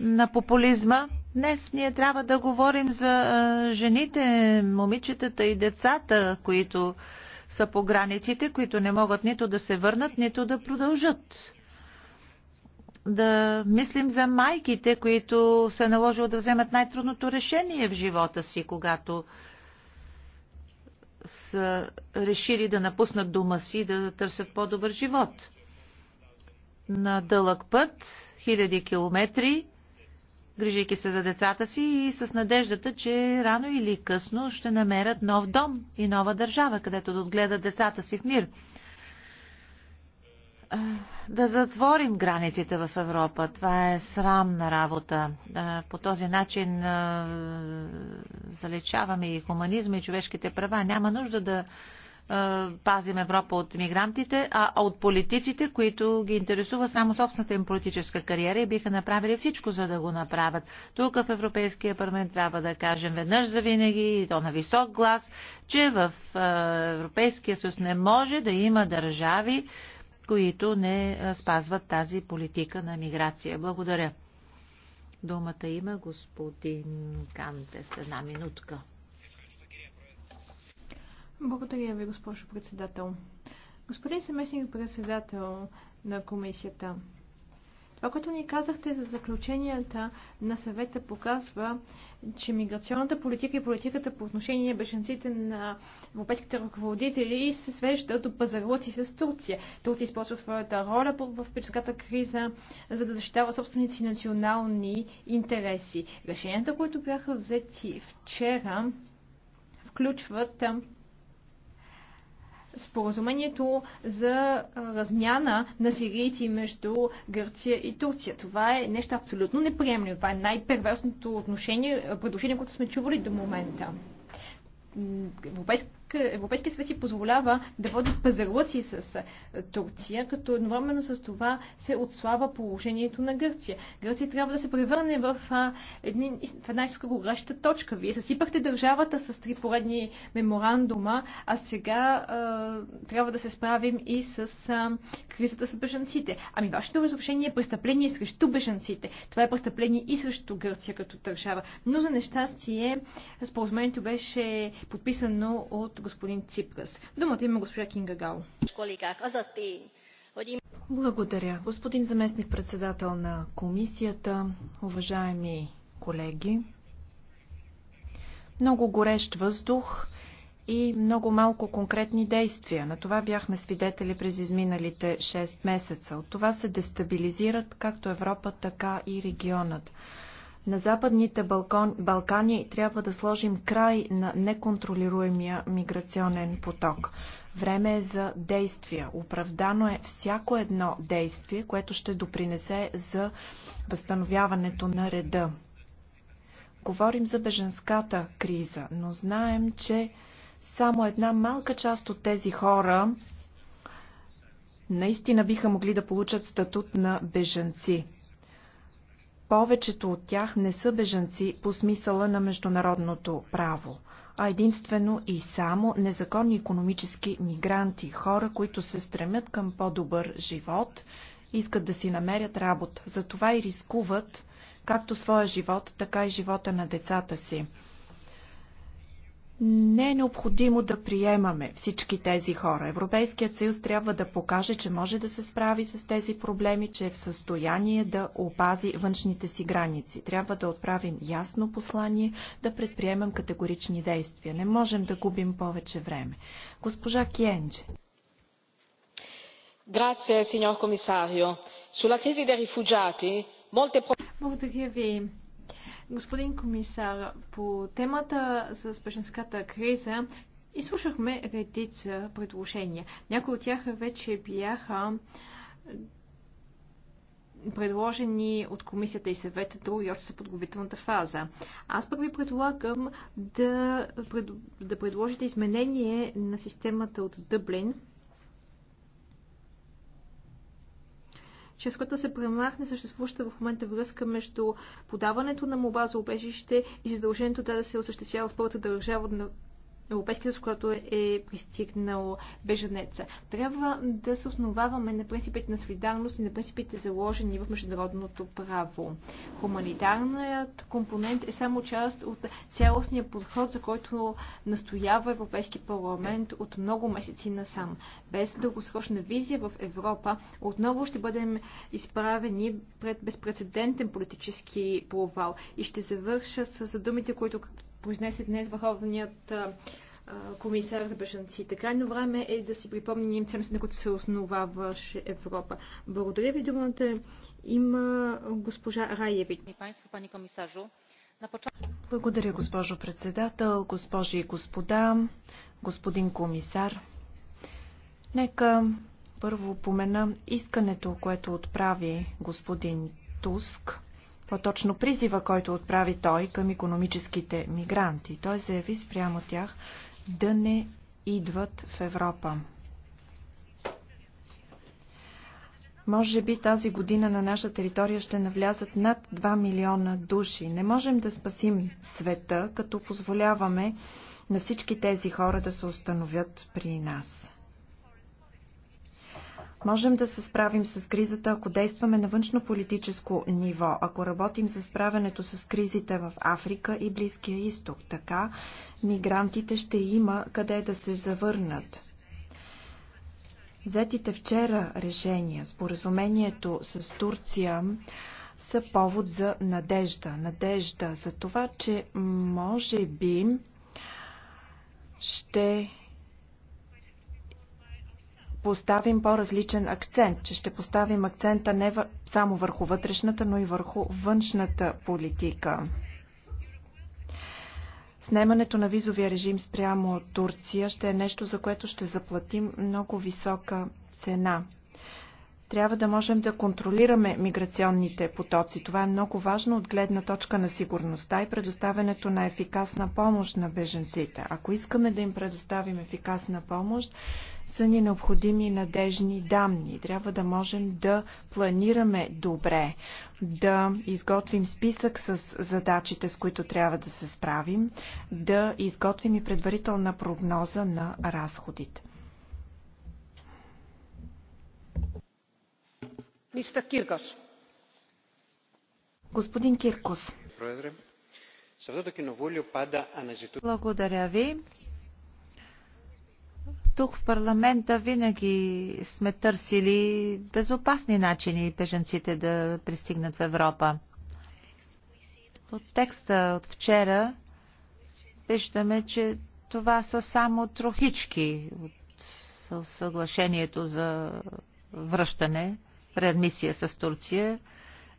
на популизма. Днес ние трябва да говорим за жените, момичетата и децата, които са по границите, които не могат нито да се върнат, нито да продължат да мислим за майките, които се е наложило да вземат най-трудното решение в живота си, когато са решили да напуснат дома си, да търсят по-добър живот. На дълъг път, хиляди километри, грижайки се за децата си и с надеждата, че рано или късно ще намерят нов дом и нова държава, където да отгледат децата си в мир. Е, да затворим границите в Европа. Това е срамна работа. Е, по този начин е, залечаваме и хуманизма и човешките права. Няма нужда да пазим Европа от мигрантите, а от политиците, които ги интересува само собствената им политическа кариера и биха направили всичко, за да го направят. Тук в Европейския парламент трябва да кажем веднъж за винаги, и то на висок глас, че в Европейския съюз не може да има държави, които не спазват тази политика на миграция. Благодаря. Думата има господин Кантес. Една минутка. Благодаря ви, госпожо председател. Господин съместник председател на комисията, това, което ни казахте за заключенията на съвета, показва, че миграционната политика и политиката по отношение на беженците на европейските ръководители се свежда до пазарлъци с Турция. Турция използва своята роля в беженската криза, за да защитава собствените си национални интереси. Решенията, които бяха взети вчера, включват споразумението за размяна на сирийци между Гърция и Турция. Това е нещо абсолютно неприемливо. Това е най-перверсното отношение, предложение, което сме чували до момента. Европейската е, Европейския съвет си позволява да води пазарлъци с е, Турция, като едновременно с това се отслава положението на Гърция. Гърция трябва да се превърне в, а, в една изкогореща точка. Вие съсипахте държавата с три поредни меморандума, а сега а, трябва да се справим и с а, кризата с бежанците. Ами вашето разрушение е престъпление срещу бежанците. Това е престъпление и срещу Гърция като държава. Но за нещастие споразумението беше подписано от господин Ципрас. Думата има госпожа Кинга Гал. Благодаря. Господин заместник председател на комисията, уважаеми колеги, много горещ въздух и много малко конкретни действия. На това бяхме свидетели през изминалите 6 месеца. От това се дестабилизират както Европа, така и регионът. На Западните Балкон, Балкани трябва да сложим край на неконтролируемия миграционен поток. Време е за действия. Оправдано е всяко едно действие, което ще допринесе за възстановяването на реда. Говорим за беженската криза, но знаем, че само една малка част от тези хора наистина биха могли да получат статут на беженци. Повечето от тях не са бежанци по смисъла на международното право, а единствено и само незаконни економически мигранти, хора, които се стремят към по-добър живот, искат да си намерят работа. Затова и рискуват както своя живот, така и живота на децата си. Не е необходимо да приемаме всички тези хора. Европейският съюз трябва да покаже, че може да се справи с тези проблеми, че е в състояние да опази външните си граници. Трябва да отправим ясно послание, да предприемем категорични действия. Не можем да губим повече време. Госпожа Киенджи. Благодаря ви. Господин комисар, по темата с беженската криза изслушахме редица предложения. Някои от тях вече бяха предложени от комисията и съвета, други още са подготвителната фаза. Аз пък ви предлагам да, пред, да предложите изменение на системата от Дъблин, чрез която се премахне съществуваща в момента връзка между подаването на моба за убежище и задължението да се осъществява в първата държава, Европейския съюз, който е, е пристигнал беженеца. Трябва да се основаваме на принципите на солидарност и на принципите заложени в международното право. Хуманитарният компонент е само част от цялостния подход, за който настоява Европейски парламент от много месеци насам. Без дългосрочна визия в Европа отново ще бъдем изправени пред безпредседентен политически провал. И ще завърша с думите, които произнесе днес върховният комисар за бежанците. Крайно време е да си припомним ценностите, на които се основаваше Европа. Благодаря ви, думата има госпожа Раеви. Благодаря, госпожо председател, госпожи и господа, господин комисар. Нека първо помена искането, което отправи господин Туск по-точно призива, който отправи той към економическите мигранти. Той заяви спрямо тях да не идват в Европа. Може би тази година на наша територия ще навлязат над 2 милиона души. Не можем да спасим света, като позволяваме на всички тези хора да се установят при нас. Можем да се справим с кризата, ако действаме на външно-политическо ниво, ако работим за справянето с кризите в Африка и Близкия изток. Така мигрантите ще има къде да се завърнат. Взетите вчера решения, споразумението с Турция, са повод за надежда. Надежда за това, че може би ще поставим по-различен акцент, че ще поставим акцента не само върху вътрешната, но и върху външната политика. Снемането на визовия режим спрямо Турция ще е нещо, за което ще заплатим много висока цена. Трябва да можем да контролираме миграционните потоци. Това е много важно от гледна точка на сигурността и предоставянето на ефикасна помощ на беженците. Ако искаме да им предоставим ефикасна помощ, са ни необходими надежни данни. Трябва да можем да планираме добре, да изготвим списък с задачите, с които трябва да се справим, да изготвим и предварителна прогноза на разходите. Господин Киркос. Благодаря ви. Тук в парламента винаги сме търсили безопасни начини беженците да пристигнат в Европа. От текста от вчера виждаме, че това са само трохички от съглашението за връщане реадмисия с Турция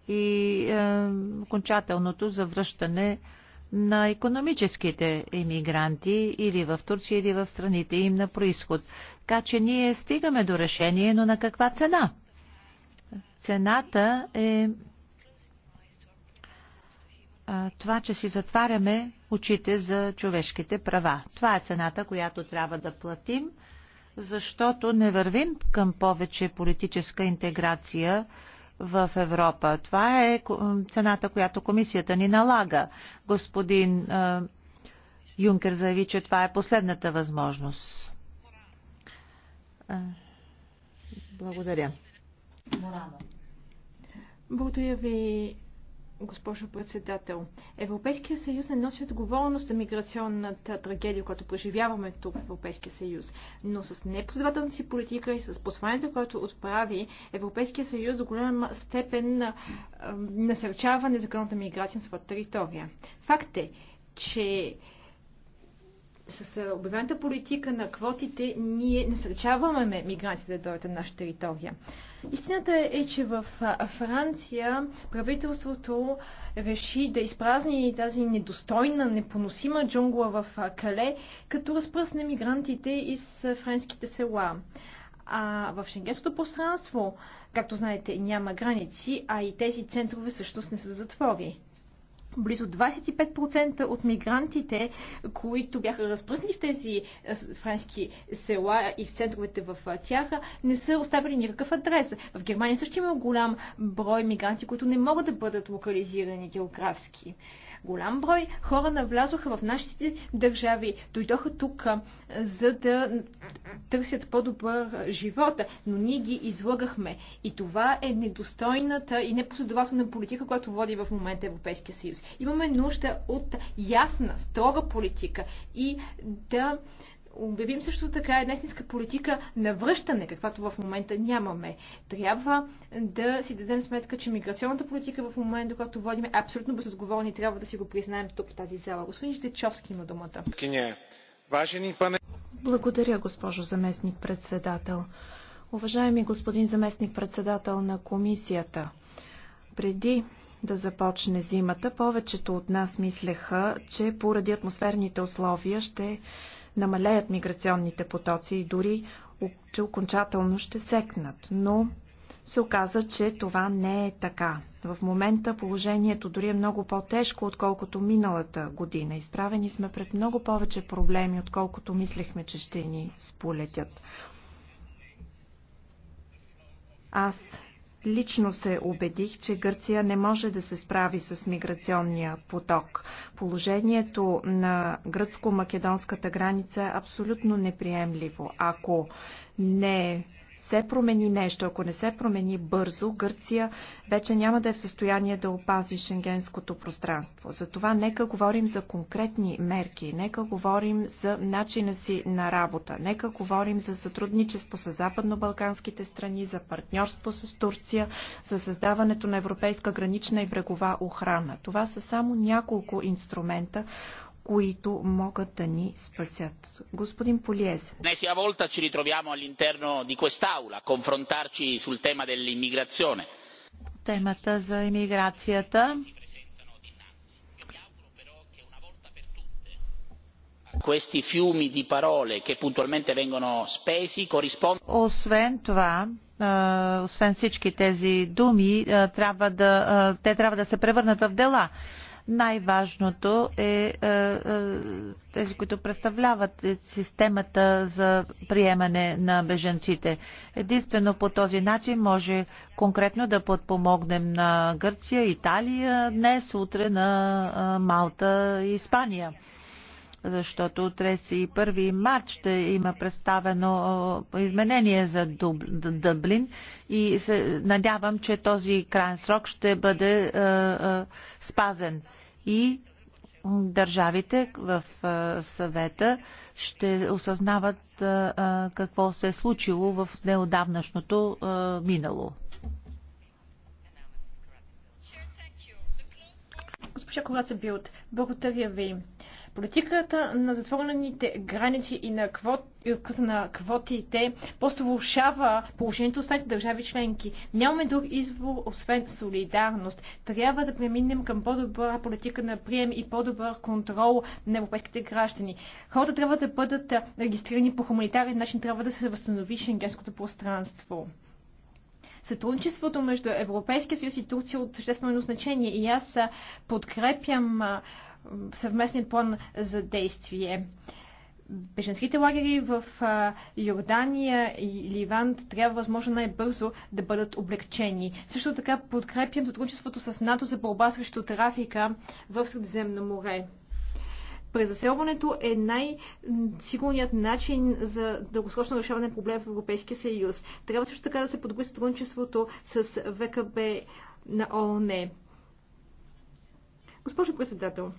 и е, окончателното завръщане на економическите емигранти или в Турция, или в страните им на происход. Така че ние стигаме до решение, но на каква цена? Цената е това, че си затваряме очите за човешките права. Това е цената, която трябва да платим защото не вървим към повече политическа интеграция в Европа. Това е цената, която комисията ни налага. Господин Юнкер заяви, че това е последната възможност. Благодаря. Благодаря ви, госпожо председател. Европейския съюз не носи отговорност за миграционната трагедия, която преживяваме тук в Европейския съюз. Но с непоследователната си политика и с посланието, което отправи, Европейския съюз до голяма степен насърчава незаконната миграция на своята територия. Факт е, че с обявената политика на квотите ние насърчаваме мигрантите да дойдат на нашата територия. Истината е, че в Франция правителството реши да изпразни тази недостойна, непоносима джунгла в Кале, като разпръсне мигрантите из френските села. А в шенгенското пространство, както знаете, няма граници, а и тези центрове също не са затвори близо 25% от мигрантите, които бяха разпръснати в тези френски села и в центровете в тях, не са оставили никакъв адрес. В Германия също има голям брой мигранти, които не могат да бъдат локализирани географски. Голям брой хора навлязоха в нашите държави, дойдоха тук, за да търсят по-добър живот, но ние ги излагахме. И това е недостойната и непоследователна политика, която води в момента Европейския съюз. Имаме нужда от ясна, строга политика и да обявим също така една истинска политика на връщане, каквато в момента нямаме. Трябва да си дадем сметка, че миграционната политика в момента, която водим, е абсолютно безотговорна и трябва да си го признаем тук в тази зала. Господин Ждечовски има думата. Благодаря, госпожо заместник председател. Уважаеми господин заместник председател на комисията, преди да започне зимата, повечето от нас мислеха, че поради атмосферните условия ще намалеят миграционните потоци и дори че окончателно ще секнат. Но се оказа, че това не е така. В момента положението дори е много по-тежко, отколкото миналата година. Изправени сме пред много повече проблеми, отколкото мислехме, че ще ни сполетят. Аз Лично се убедих, че Гърция не може да се справи с миграционния поток. Положението на гръцко-македонската граница е абсолютно неприемливо. Ако не се промени нещо, ако не се промени бързо, Гърция вече няма да е в състояние да опази шенгенското пространство. Затова нека говорим за конкретни мерки, нека говорим за начина си на работа, нека говорим за сътрудничество с западно-балканските страни, за партньорство с Турция, за създаването на европейска гранична и брегова охрана. Това са само няколко инструмента, които могат да ни спасят. Господин Полиез. L'ennesima volta ci ritroviamo all'interno di quest'Aula a confrontarci sul tema dell'immigrazione. Темата за иммиграцията. Questi fiumi di parole che puntualmente vengono spesi corrispondono. Освен това, освен всички тези думи, трябва да, те трябва да се превърнат в дела. Най-важното е, е, е тези, които представляват системата за приемане на беженците. Единствено по този начин може конкретно да подпомогнем на Гърция, Италия, днес, утре на е, Малта и Испания защото 31 март ще има представено е, изменение за Дъблин и се надявам, че този крайен срок ще бъде е, е, спазен и държавите в съвета ще осъзнават какво се е случило в неодавнашното минало. Госпожа Кораца Билт, благодаря ви. Политиката на затворените граници и на, квот, и на квотите просто влушава положението останалите държави членки. Нямаме друг избор, освен солидарност. Трябва да преминем към по-добра политика на прием и по-добър контрол на европейските граждани. Хората трябва да бъдат регистрирани по хуманитарен начин, трябва да се възстанови шенгенското пространство. Сътрудничеството между Европейския съюз и Турция е от съществено значение и аз подкрепям съвместният план за действие. Беженските лагери в Йордания и Ливан трябва възможно най-бързо да бъдат облегчени. Също така подкрепям сътрудничеството с НАТО за борба срещу трафика в Средиземно море. Презаселването е най-сигурният начин за дългосрочно решаване на проблем в Европейския съюз. Трябва също така да се подобри сътрудничеството с ВКБ на ООН. Госпожо председател,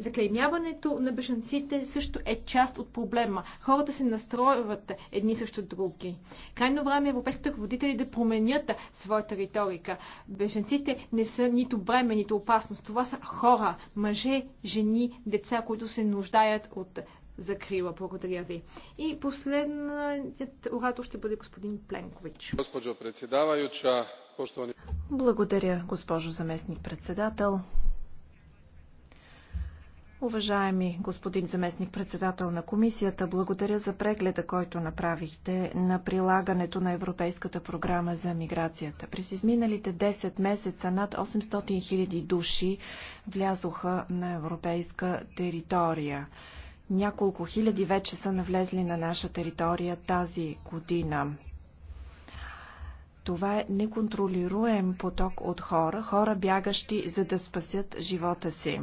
Заклеймяването на бежанците също е част от проблема. Хората се настроят едни срещу други. Крайно време е европейските водители да променят своята риторика. Бежанците не са нито бреме, нито опасност. Това са хора, мъже, жени, деца, които се нуждаят от закрила. Благодаря ви. И последният оратор ще бъде господин Пленкович. Госпожо председаваюча, поштовани... Благодаря, госпожо заместник председател, Уважаеми господин заместник председател на комисията, благодаря за прегледа, който направихте на прилагането на Европейската програма за миграцията. През изминалите 10 месеца над 800 000 души влязоха на европейска територия. Няколко хиляди вече са навлезли на наша територия тази година. Това е неконтролируем поток от хора, хора бягащи за да спасят живота си.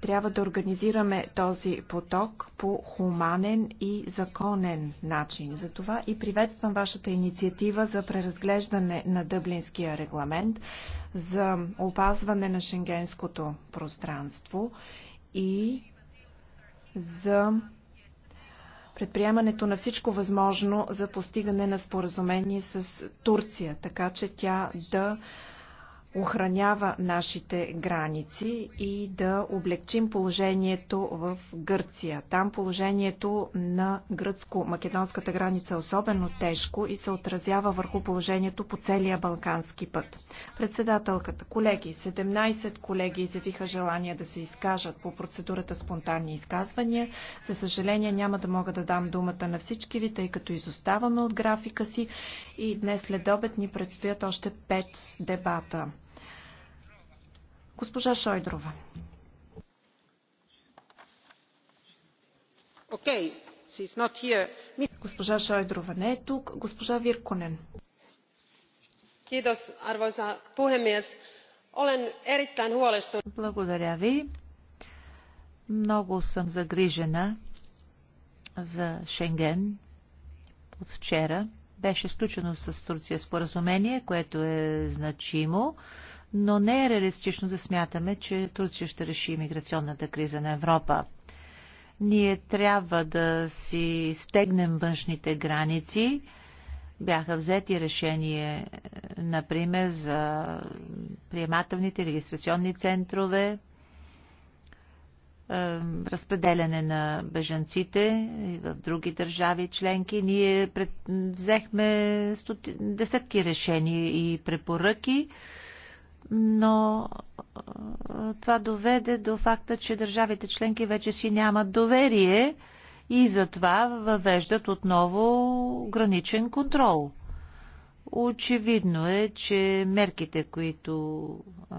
Трябва да организираме този поток по хуманен и законен начин. Затова и приветствам вашата инициатива за преразглеждане на Дъблинския регламент, за опазване на шенгенското пространство и за предприемането на всичко възможно за постигане на споразумение с Турция, така че тя да охранява нашите граници и да облегчим положението в Гърция. Там положението на гръцко-македонската граница е особено тежко и се отразява върху положението по целия Балкански път. Председателката, колеги, 17 колеги изявиха желание да се изкажат по процедурата спонтанни изказвания. За съжаление няма да мога да дам думата на всички ви, тъй като изоставаме от графика си и днес след обед ни предстоят още пет дебата. Госпожа Шойдрова. Okay. Госпожа Шойдрова не е тук. Госпожа Вирконен. Благодаря ви. Много съм загрижена за Шенген от вчера. Беше сключено с Турция споразумение, което е значимо, но не е реалистично да смятаме, че Турция ще реши миграционната криза на Европа. Ние трябва да си стегнем външните граници. Бяха взети решение, е, например, за приемателните регистрационни центрове, е, разпределяне на бежанците и в други държави членки. Ние пред... взехме стоти... десетки решения и препоръки, но е, това доведе до факта, че държавите членки вече си нямат доверие и затова въвеждат отново граничен контрол. Очевидно е, че мерките, които е,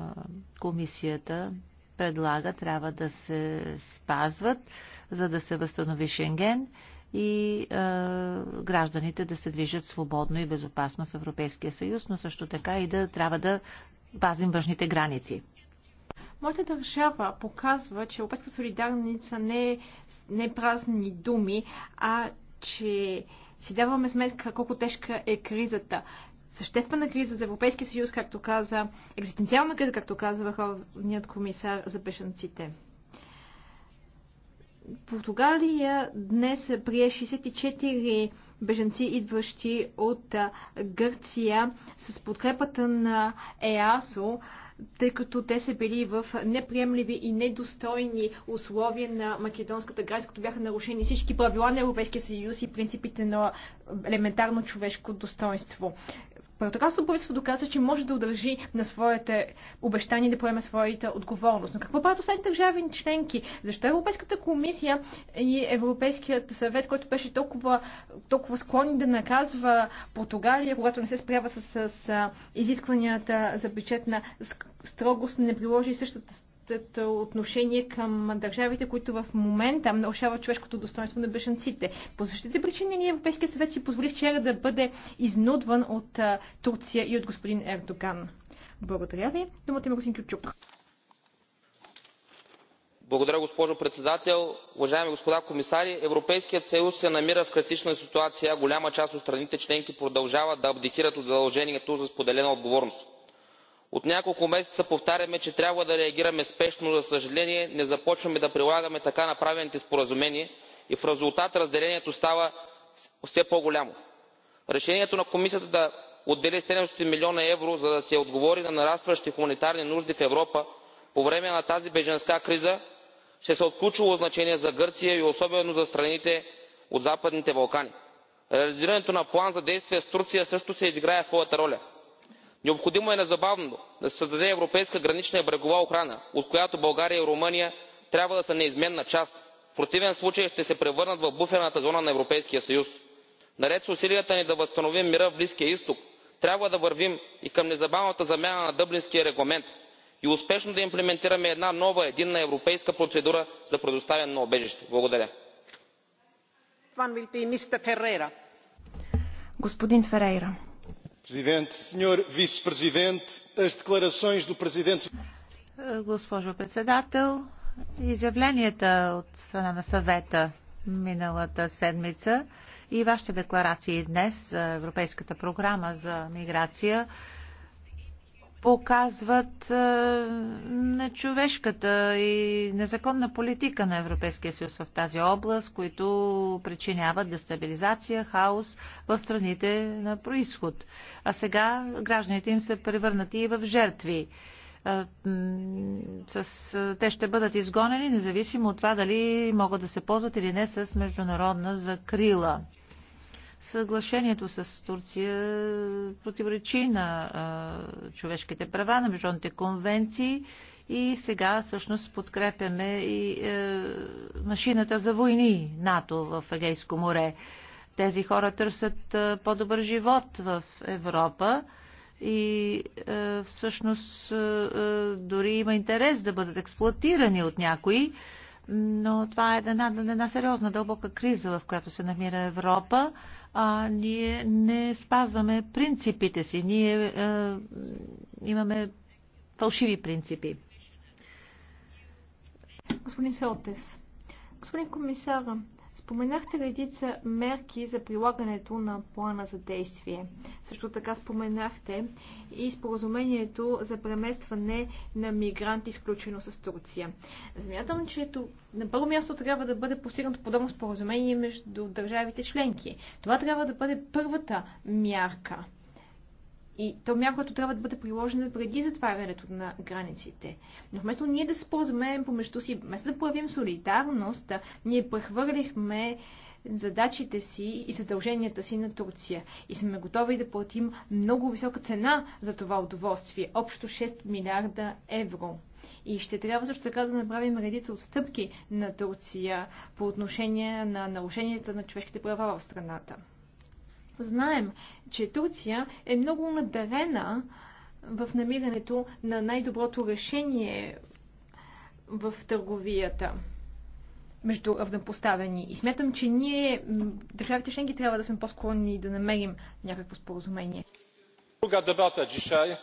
комисията предлага, трябва да се спазват, за да се възстанови Шенген и е, гражданите да се движат свободно и безопасно в Европейския съюз, но също така и да трябва да пазим външните граници. Моята държава показва, че Европейска солидарница не е не празни думи, а че си даваме сметка колко тежка е кризата съществена криза за Европейския съюз, както каза, екзистенциална криза, както каза върховният комисар за бешенците. Португалия днес прие 64 беженци, идващи от Гърция с подкрепата на ЕАСО, тъй като те са били в неприемливи и недостойни условия на македонската граница, като бяха нарушени всички правила на Европейския съюз и принципите на елементарно човешко достоинство. Португалското правителство доказа, че може да удържи на своите обещания да поеме своята отговорност. Но какво правят останалите държави членки? Защо Европейската комисия и Европейският съвет, който беше толкова, толкова склонни да наказва Португалия, когато не се спрява с, с, с изискванията за бюджетна строгост, не приложи същата същото отношение към държавите, които в момента нарушават човешкото достоинство на бежанците. По същите причини ние Европейския съвет си позволи вчера да бъде изнудван от Турция и от господин Ердоган. Благодаря ви. Думата има господин Кючук. Благодаря, госпожо председател. Уважаеми господа комисари, Европейският съюз се намира в критична ситуация. Голяма част от страните членки продължават да абдикират от задължението за споделена отговорност от няколко месеца повтаряме че трябва да реагираме спешно но за съжаление не започваме да прилагаме така направените споразумения и в резултат разделението става все по голямо. решението на комисията да отдели 700 милиона евро за да се отговори на нарастващите хуманитарни нужди в европа по време на тази бежанска криза ще са от ключово значение за гърция и особено за страните от западните балкани. реализирането на план за действие с турция също ще изиграе своята роля необходимо е незабавно да се създаде европейска гранична и брегова охрана от която българия и румъния трябва да са неизменна част в противен случай ще се превърнат в буферната зона на европейския съюз. наред с усилията ни да възстановим мира в близкия изток трябва да вървим и към незабавната замяна на дъблинския регламент и успешно да имплементираме една нова единна европейска процедура за предоставяне на убежище. благодаря. господин ферейра Госпожо председател, изявленията от страна на съвета миналата седмица и вашите декларации днес за Европейската програма за миграция показват е, човешката и незаконна политика на Европейския съюз в тази област, които причиняват дестабилизация, хаос в страните на происход. А сега гражданите им са превърнати и в жертви. Е, с, е, те ще бъдат изгонени, независимо от това дали могат да се ползват или не с международна закрила. Съглашението с Турция противоречи на а, човешките права, на международните конвенции и сега всъщност подкрепяме и е, машината за войни НАТО в Егейско море. Тези хора търсят е, по-добър живот в Европа и е, всъщност дори има интерес да бъдат експлуатирани от някои, но това е една, една сериозна дълбока криза, в която се намира Европа а ние не спазваме принципите си. Ние а, е, имаме фалшиви принципи. Господин Селтес, господин комисар, Споменахте редица мерки за прилагането на плана за действие. Също така споменахте и споразумението за преместване на мигранти, изключено с Турция. Замятам, че на първо място трябва да бъде постигнато подобно споразумение между държавите членки. Това трябва да бъде първата мярка. И то мярка, трябва да бъде приложена преди затварянето на границите. Но вместо ние да се ползваме помежду си, вместо да проявим солидарност, ние прехвърлихме задачите си и задълженията си на Турция. И сме готови да платим много висока цена за това удоволствие. Общо 6 милиарда евро. И ще трябва също така да направим редица отстъпки на Турция по отношение на нарушенията на човешките права в страната. Знаем, че Турция е много надарена в намирането на най-доброто решение в търговията между равнопоставени. И смятам, че ние, държавите членки, трябва да сме по-склонни да намерим някакво споразумение. Друга дебата dzisiaj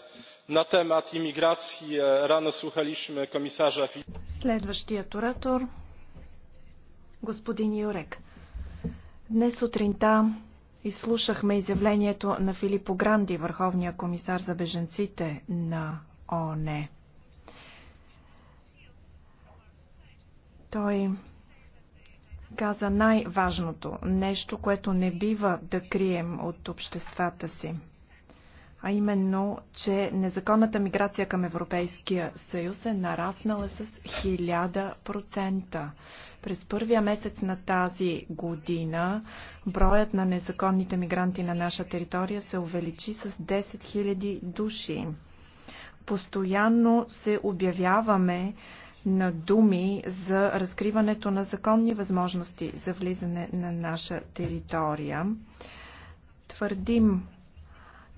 на темат иммиграции. Е, рано слухалишме комисарza. Следващият оратор, господин Юрек. Днес сутринта Изслушахме изявлението на Филипо Гранди, върховния комисар за беженците на ООН. Той каза най-важното нещо, което не бива да крием от обществата си – а именно, че незаконната миграция към Европейския съюз е нараснала с 1000%. През първия месец на тази година броят на незаконните мигранти на наша територия се увеличи с 10 000 души. Постоянно се обявяваме на думи за разкриването на законни възможности за влизане на наша територия. Твърдим,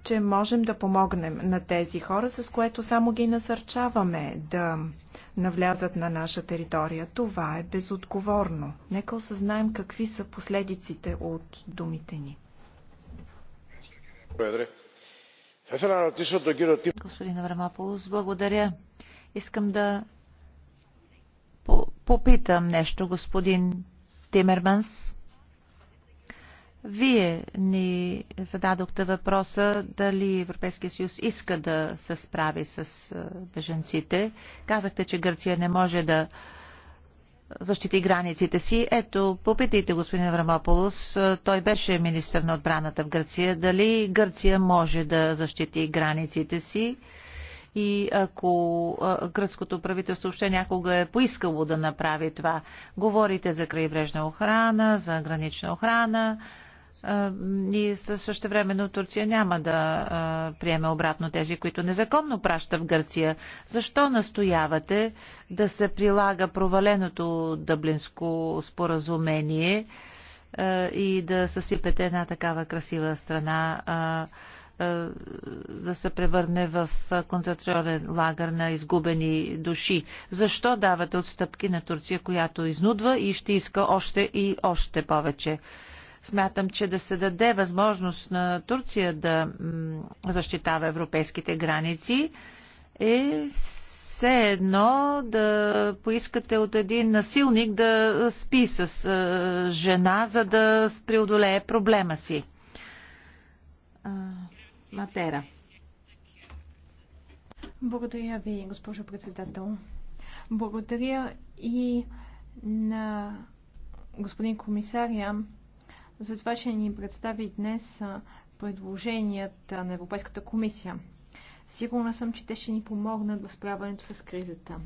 че можем да помогнем на тези хора, с което само ги насърчаваме да навлязат на наша територия. Това е безотговорно. Нека осъзнаем какви са последиците от думите ни. Господин Аврамополос, благодаря. Искам да попитам нещо, господин Тимерманс. Вие ни зададохте въпроса дали Европейския съюз иска да се справи с беженците. Казахте, че Гърция не може да защити границите си. Ето, попитайте господин Аврамополос, той беше министър на отбраната в Гърция, дали Гърция може да защити границите си и ако гръцкото правителство още някога е поискало да направи това. Говорите за крайбрежна охрана, за гранична охрана, и също времено Турция няма да приеме обратно тези, които незаконно праща в Гърция. Защо настоявате да се прилага проваленото дъблинско споразумение и да съсипете една такава красива страна да се превърне в концентрационен лагер на изгубени души. Защо давате отстъпки на Турция, която изнудва и ще иска още и още повече? Смятам, че да се даде възможност на Турция да защитава европейските граници е все едно да поискате от един насилник да спи с е, жена, за да преодолее проблема си. Матера. Благодаря ви, госпожо председател. Благодаря и на господин комисаря за това, че ни представи днес предложенията на Европейската комисия. Сигурна съм, че те ще ни помогнат в справянето с кризата.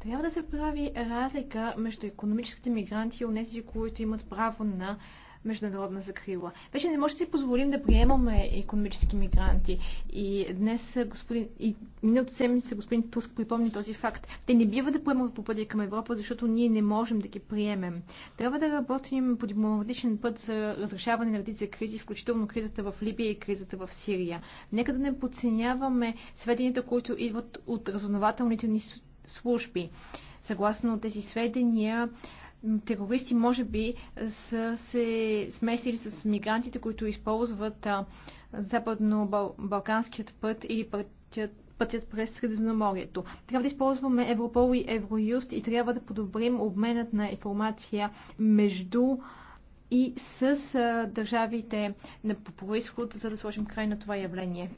Трябва да се прави разлика между економическите мигранти и онези, които имат право на международна закрила. Вече не може да си позволим да приемаме економически мигранти. И днес господин, и миналата седмица господин Туск припомни този факт. Те не бива да поемат по пътя към Европа, защото ние не можем да ги приемем. Трябва да работим по дипломатичен път за разрешаване на редица кризи, включително кризата в Либия и кризата в Сирия. Нека да не подценяваме сведенията, които идват от разузнавателните ни служби. Съгласно тези сведения, терористи може би са се смесили с мигрантите, които използват западно-балканският път или пътят пътят през Средиземноморието. Трябва да използваме Европол и Евроюст и трябва да подобрим обменът на информация между и с а, държавите на по происход, за да сложим край на това явление.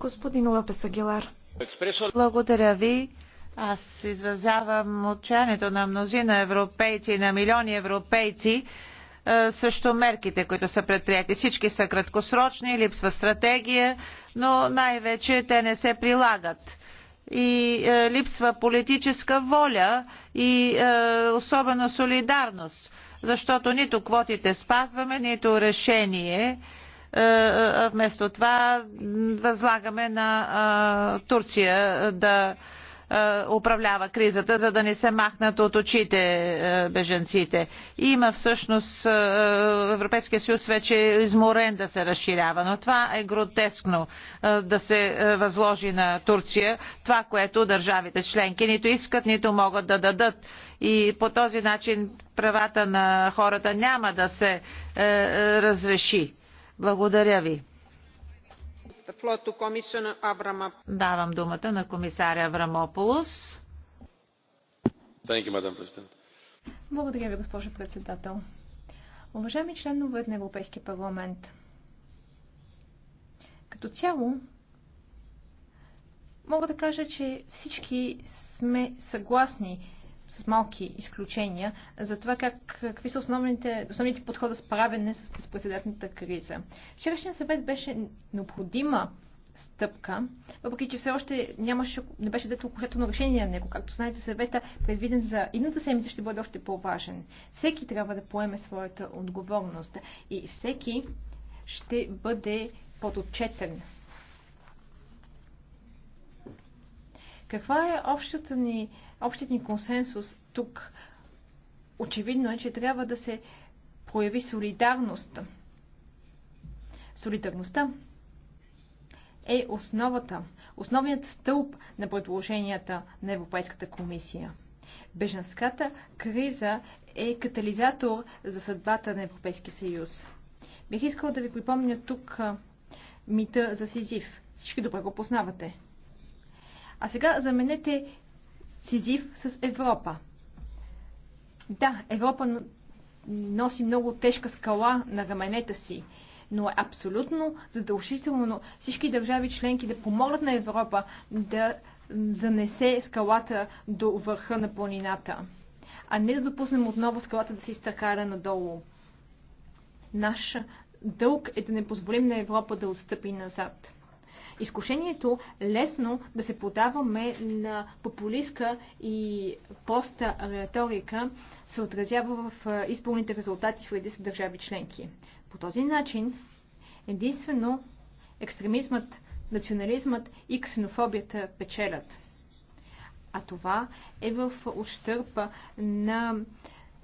Господин Лопес Агилар, благодаря ви. Аз изразявам отчаянието на мнозина европейци, на милиони европейци, е, също мерките, които са предприяти. Всички са краткосрочни, липсва стратегия, но най-вече те не се прилагат. И е, липсва политическа воля и е, особено солидарност, защото нито квотите спазваме, нито решение. Е, е вместо това възлагаме на е, Турция да е, е, управлява кризата, за да не се махнат от очите е, беженците. Има всъщност е, Европейския съюз вече е изморен да се разширява, но това е гротескно да се възложи на Турция това, което държавите членки нито искат, нито могат да дадат. И по този начин правата на хората няма да се разреши. Благодаря ви. Давам думата на комисаря Аврамополос. Благодаря ви, госпожо председател. Уважаеми членове на Европейския парламент, като цяло мога да кажа, че всички сме съгласни с малки изключения, за това как, какви са основните, основните подхода с правене с безпредседентната криза. Вчерашният съвет беше необходима стъпка, въпреки че все още нямаше, не беше взето окончателно решение на него. Както знаете, съвета, предвиден за едната седмица, ще бъде още по-важен. Всеки трябва да поеме своята отговорност и всеки ще бъде подотчетен. Каква е общата ни Общият ни консенсус тук очевидно е, че трябва да се прояви солидарност. Солидарността е основата, основният стълб на предложенията на Европейската комисия. Беженската криза е катализатор за съдбата на Европейския съюз. Бих искала да ви припомня тук мита за Сизив. Всички добре го познавате. А сега заменете Сизив с Европа. Да, Европа носи много тежка скала на раменете си, но е абсолютно задължително всички държави членки да помогнат на Европа да занесе скалата до върха на планината, а не да допуснем отново скалата да се изтъркара надолу. Наш дълг е да не позволим на Европа да отстъпи назад изкушението лесно да се подаваме на популистка и поста риторика се отразява в изборните резултати в редица държави членки. По този начин единствено екстремизмът, национализмът и ксенофобията печелят. А това е в ущърпа на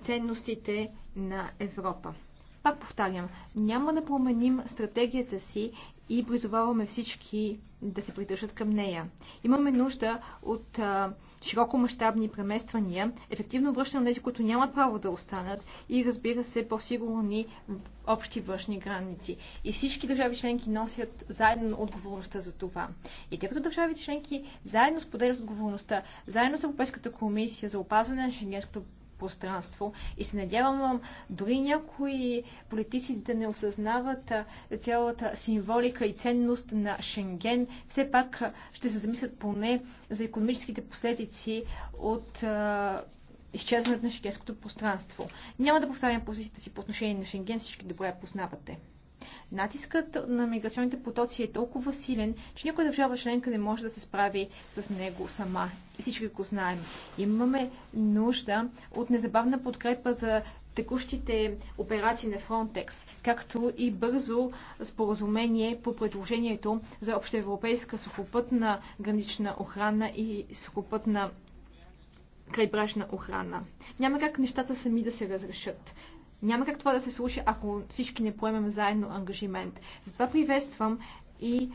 ценностите на Европа. Пак повтарям, няма да променим стратегията си и призоваваме всички да се придържат към нея. Имаме нужда от а, широко мащабни премествания, ефективно връщане на тези, които нямат право да останат и разбира се по-сигурни общи външни граници. И всички държави членки носят заедно отговорността за това. И тъй като държавите членки заедно споделят отговорността, заедно с Европейската комисия за опазване на шенгенското пространство и се надявам дори някои политици да не осъзнават цялата символика и ценност на Шенген, все пак ще се замислят поне за економическите последици от изчезването на шенгенското пространство. Няма да повтарям позицията си по отношение на Шенген, всички добре познавате. Натискът на миграционните потоци е толкова силен, че никоя държава членка не може да се справи с него сама. Всички го знаем. Имаме нужда от незабавна подкрепа за текущите операции на Frontex, както и бързо споразумение по предложението за общоевропейска сухопътна гранична охрана и сухопътна крайбрежна охрана. Няма как нещата сами да се разрешат. Няма как това да се случи, ако всички не поемем заедно ангажимент. Затова приветствам и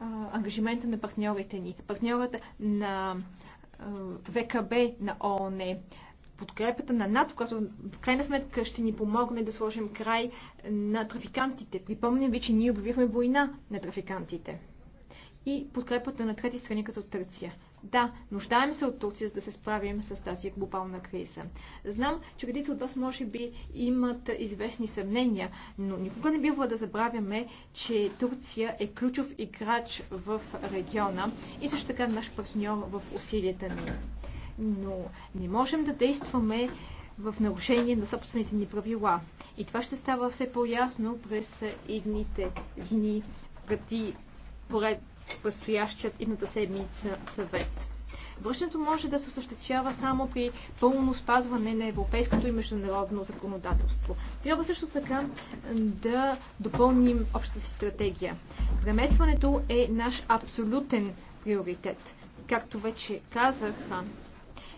а, ангажимента на партньорите ни. Партньората на а, ВКБ на ООН, подкрепата на НАТО, която в крайна сметка ще ни помогне да сложим край на трафикантите. Припомням ви, че ние обявихме война на трафикантите. И подкрепата на трети страни като Търция. Да, нуждаем се от Турция, за да се справим с тази глобална криза. Знам, че редица от вас може би имат известни съмнения, но никога не бива да забравяме, че Турция е ключов играч в региона и също така наш партньор в усилията ни. Но не можем да действаме в нарушение на собствените ни правила. И това ще става все по-ясно през едните дни преди поред предстоящият едната седмица съвет. Връщането може да се осъществява само при пълно спазване на европейското и международно законодателство. Трябва също така да допълним общата си стратегия. Преместването е наш абсолютен приоритет. Както вече казах,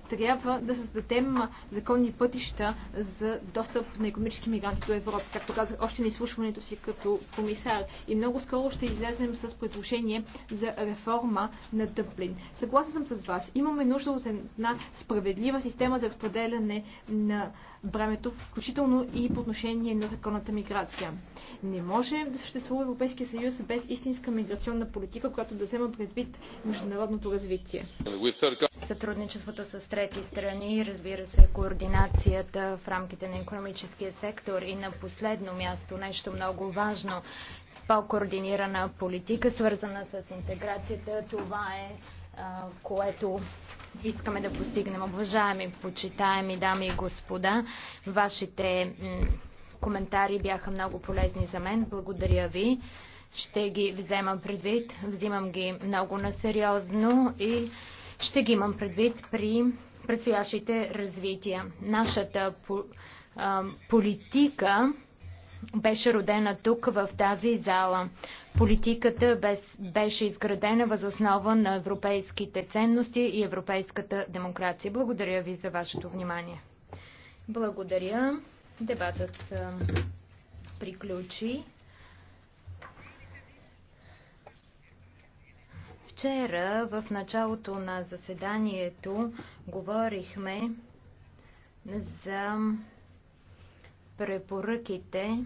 трябва да създадем законни пътища за достъп на економически мигранти до Европа, както казах още на изслушването си като комисар. И много скоро ще излезем с предложение за реформа на Дъблин. Съгласен съм с вас. Имаме нужда от една справедлива система за разпределяне на бремето, включително и по отношение на законната миграция. Не може да съществува Европейския съюз без истинска миграционна политика, която да взема предвид международното развитие. Сътрудничеството с трети страни, разбира се, координацията в рамките на економическия сектор и на последно място нещо много важно по-координирана политика, свързана с интеграцията. Това е което искаме да постигнем. Уважаеми, почитаеми дами и господа, вашите коментари бяха много полезни за мен. Благодаря ви. Ще ги взема предвид. Взимам ги много насериозно и ще ги имам предвид при предстоящите развития. Нашата политика беше родена тук в тази зала. Политиката беше изградена въз основа на европейските ценности и европейската демокрация. Благодаря ви за вашето внимание. Благодаря. Дебатът приключи. Вчера в началото на заседанието говорихме за препоръките